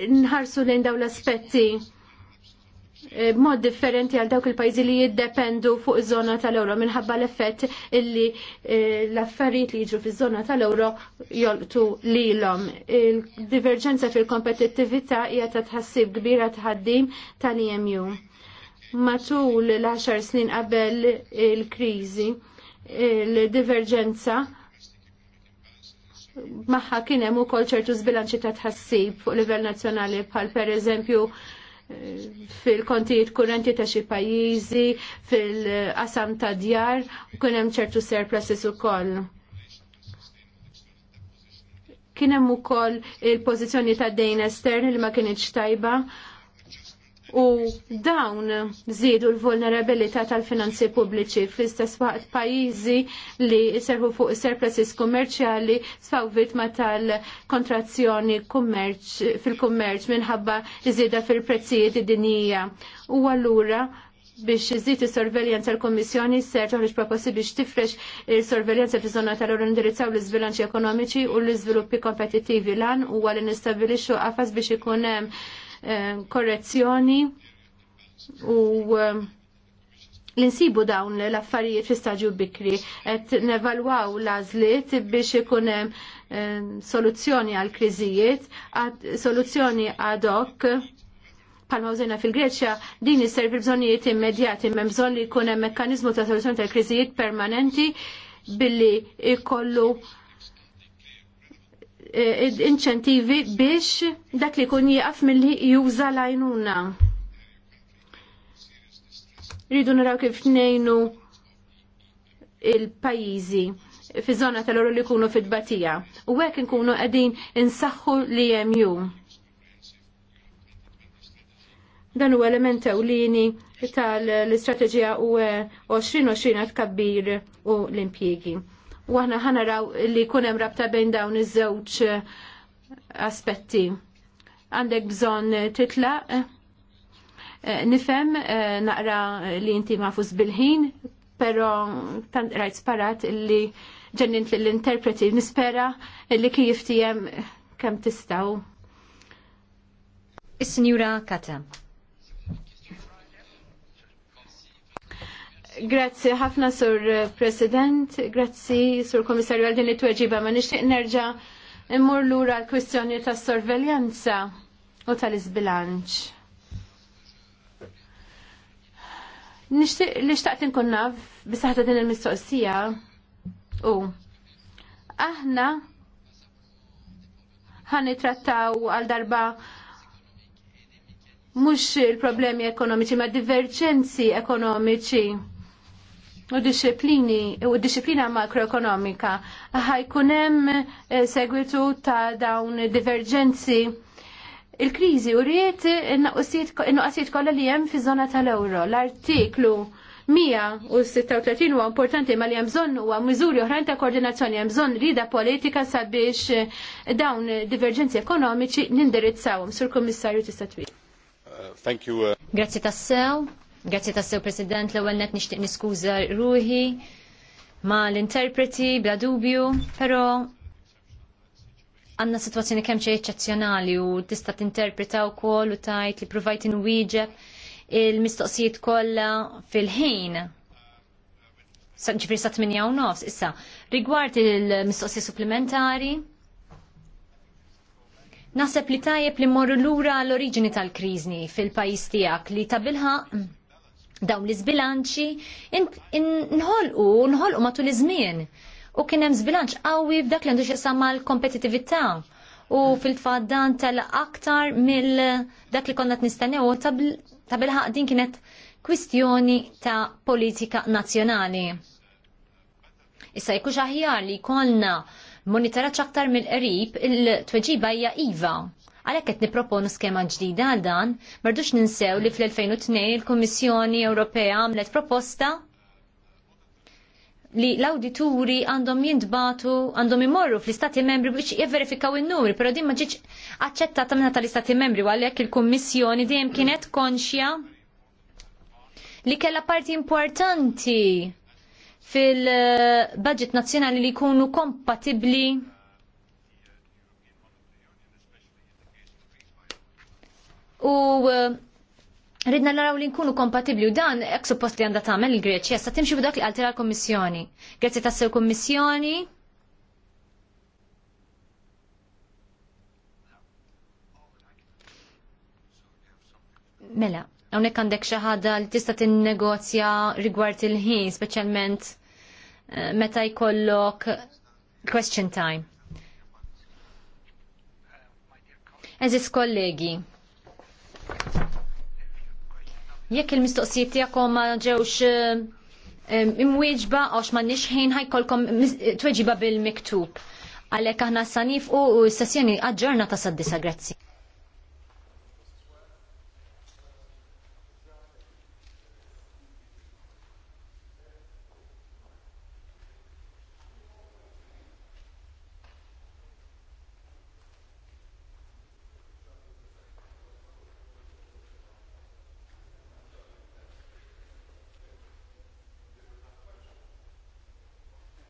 nħarsu lejn dawn l-aspetti eh, mod differenti għal dawk il-pajzi li jiddependu fuq iż-żona tal ewro minħabba l-effett illi eh, l-affarijiet li jiġu fiż-żona tal-euro jolqtu lilhom. Il-diverġenza fil-kompetittività hija ta' tħassib kbira tħaddim tal-EMU. Matul l-10 snin qabel il-kriżi, il-diverġenza il kriżi il diverġenza maħħa kien hemm ukoll ċertu zbilanċi ta' tħassib fuq livell nazzjonali bħal pereżempju eh, fil-kontijiet kurrenti ta' xi pajjiżi, fil-qasam ta' djar, u kien hemm ċertu surpluses ukoll. Kien hemm ukoll il-pożizzjoni ta' dejn esterni li ma kienx tajba u dawn żiedu l-vulnerabilità tal-finanzi pubbliċi fl-istess waqt pajjiżi li serħu fuq surpluses kummerċjali sfaw vitma tal-kontrazzjoni fil-kummerċ minħabba iżieda fil-prezzijiet id-dinija. U allura biex iżid is-sorveljanza l-Kommissjoni ser toħriġ proposti biex tifrex il-sorveljanza fi żona tal-għor indirizzaw l-iżbilanċi ekonomiċi u l-iżviluppi kompetittivi lan huwa li nistabilixxu qafas biex ikun hemm Eh, korrezzjoni u eh, l-insibu dawn l-affarijiet fi staġju bikri et nevalwaw lażliet biex ikun hemm eh, soluzzjoni għal kriżijiet, soluzzjoni ad hoc palma fil-Greċja, din isservi bżonijiet immedjati, memm bżon li jkun hemm mekkanizmu ta' soluzzjoni tal kriżijiet permanenti billi ikollu inċentivi biex dak li kun jieqaf mill-li juża lajnuna. Rridu naraw kif nejnu il-pajizi fi zona tal-oru li kunu fit-batija. U għek nkunu għedin insaxħu li jemju. Dan u element ewlieni tal-istrateġija u 2020 e kabbir u l-impjegi u aħna raw li jkun hemm rabta bejn dawn iż-żewġ eh, aspetti. Għandek bżonn titlaq, eh, nifhem eh, naqra li inti mafus bil-ħin, pero tant rajt sparat li ġennint l-interpreti nispera li kif tijem kem tistaw. Is-Sinjura Kata. Grazzi ħafna sur President, grazzi sur Komissarju għal din it-tweġiba ma nixtieq nerġa' immur lura l-kwistjoni tas sorveljanza u tal-iżbilanċ. Nixtieq li xtaqt inkun bisaħta din il-mistoqsija u aħna ħan trattaw għal darba mhux il-problemi ekonomiċi ma diverġenzi ekonomiċi u disciplini u disciplina makroekonomika ħajkun hemm eh, segwitu ta' dawn divergenzi il-kriżi u riet in kollha li hemm fiż-żona tal-ewro. L-artiklu 136 huwa importanti ma li hemm bżonn huwa miżuri oħrajn ta' koordinazzjoni hemm bżonn rida politika sabiex eh, dawn divergenzi ekonomiċi nindirizzawhom. Sur Kummissarju tista' twil. Uh, thank you. Uh. Grazzi tassew. Grazzi tassew President, l ewwel net nixtieq niskuża ruħi ma l-interpreti bla dubju, però għanna situazzjoni kemm xejn eċċezzjonali u tista' tinterpreta wkoll u tajt li provajt inwieġeb il-mistoqsijiet kollha fil-ħin. Ġifri sa' 8 u nofs, issa, rigward il-mistoqsijiet supplementari, naħseb li tajjeb li morru lura l-oriġini tal krizni fil-pajis tiegħek li tabilħa dawn l zbilanċi nħolqu, nħolqu matul iż-żmien. U kien hemm żbilanċ qawwi f'dak li għandu x'isam l kompetitività U fil-tfad dan tal-aktar mill dak li konna t-nistennew ta' bil din kienet kwistjoni ta' politika nazzjonali. Issa jkux aħjar li konna monitoraċ aktar mill-qrib il-tweġiba hija iva Għalhekk qed niproponu skema ġdida għal dan, mardux ninsew li fl-2002 il-Kummissjoni Ewropea għamlet proposta li l-awdituri għandhom jindbatu, għandhom imorru fl-istati membri biex jivverifikaw in-numri, però din ma ġietx aċċettata minna tal-istati membri, għalhekk il-Kummissjoni dejjem kienet konxja li kella parti importanti fil-budget eh, nazzjonali li jkunu kompatibli u eh, Ridna naraw li nkunu kompatibli u dan ek suppost li għanda tamen il-Greċi, jessa timxi b'dak li għaltira l-Kommissjoni. Grazzi sew Kommissjoni. Mela, għonek għandek xaħada li tista t-negozja rigward il-ħin, specialment eh, meta jkollok question time. Eżis kollegi, Jekk il-mistoqsijiet tiegħkom ma ġewx imwieġba għax ma ħin ħajkolkom tweġiba bil-miktub. Għalhekk aħna sanif u s-sessjoni aġġorna ta' disa grazzi.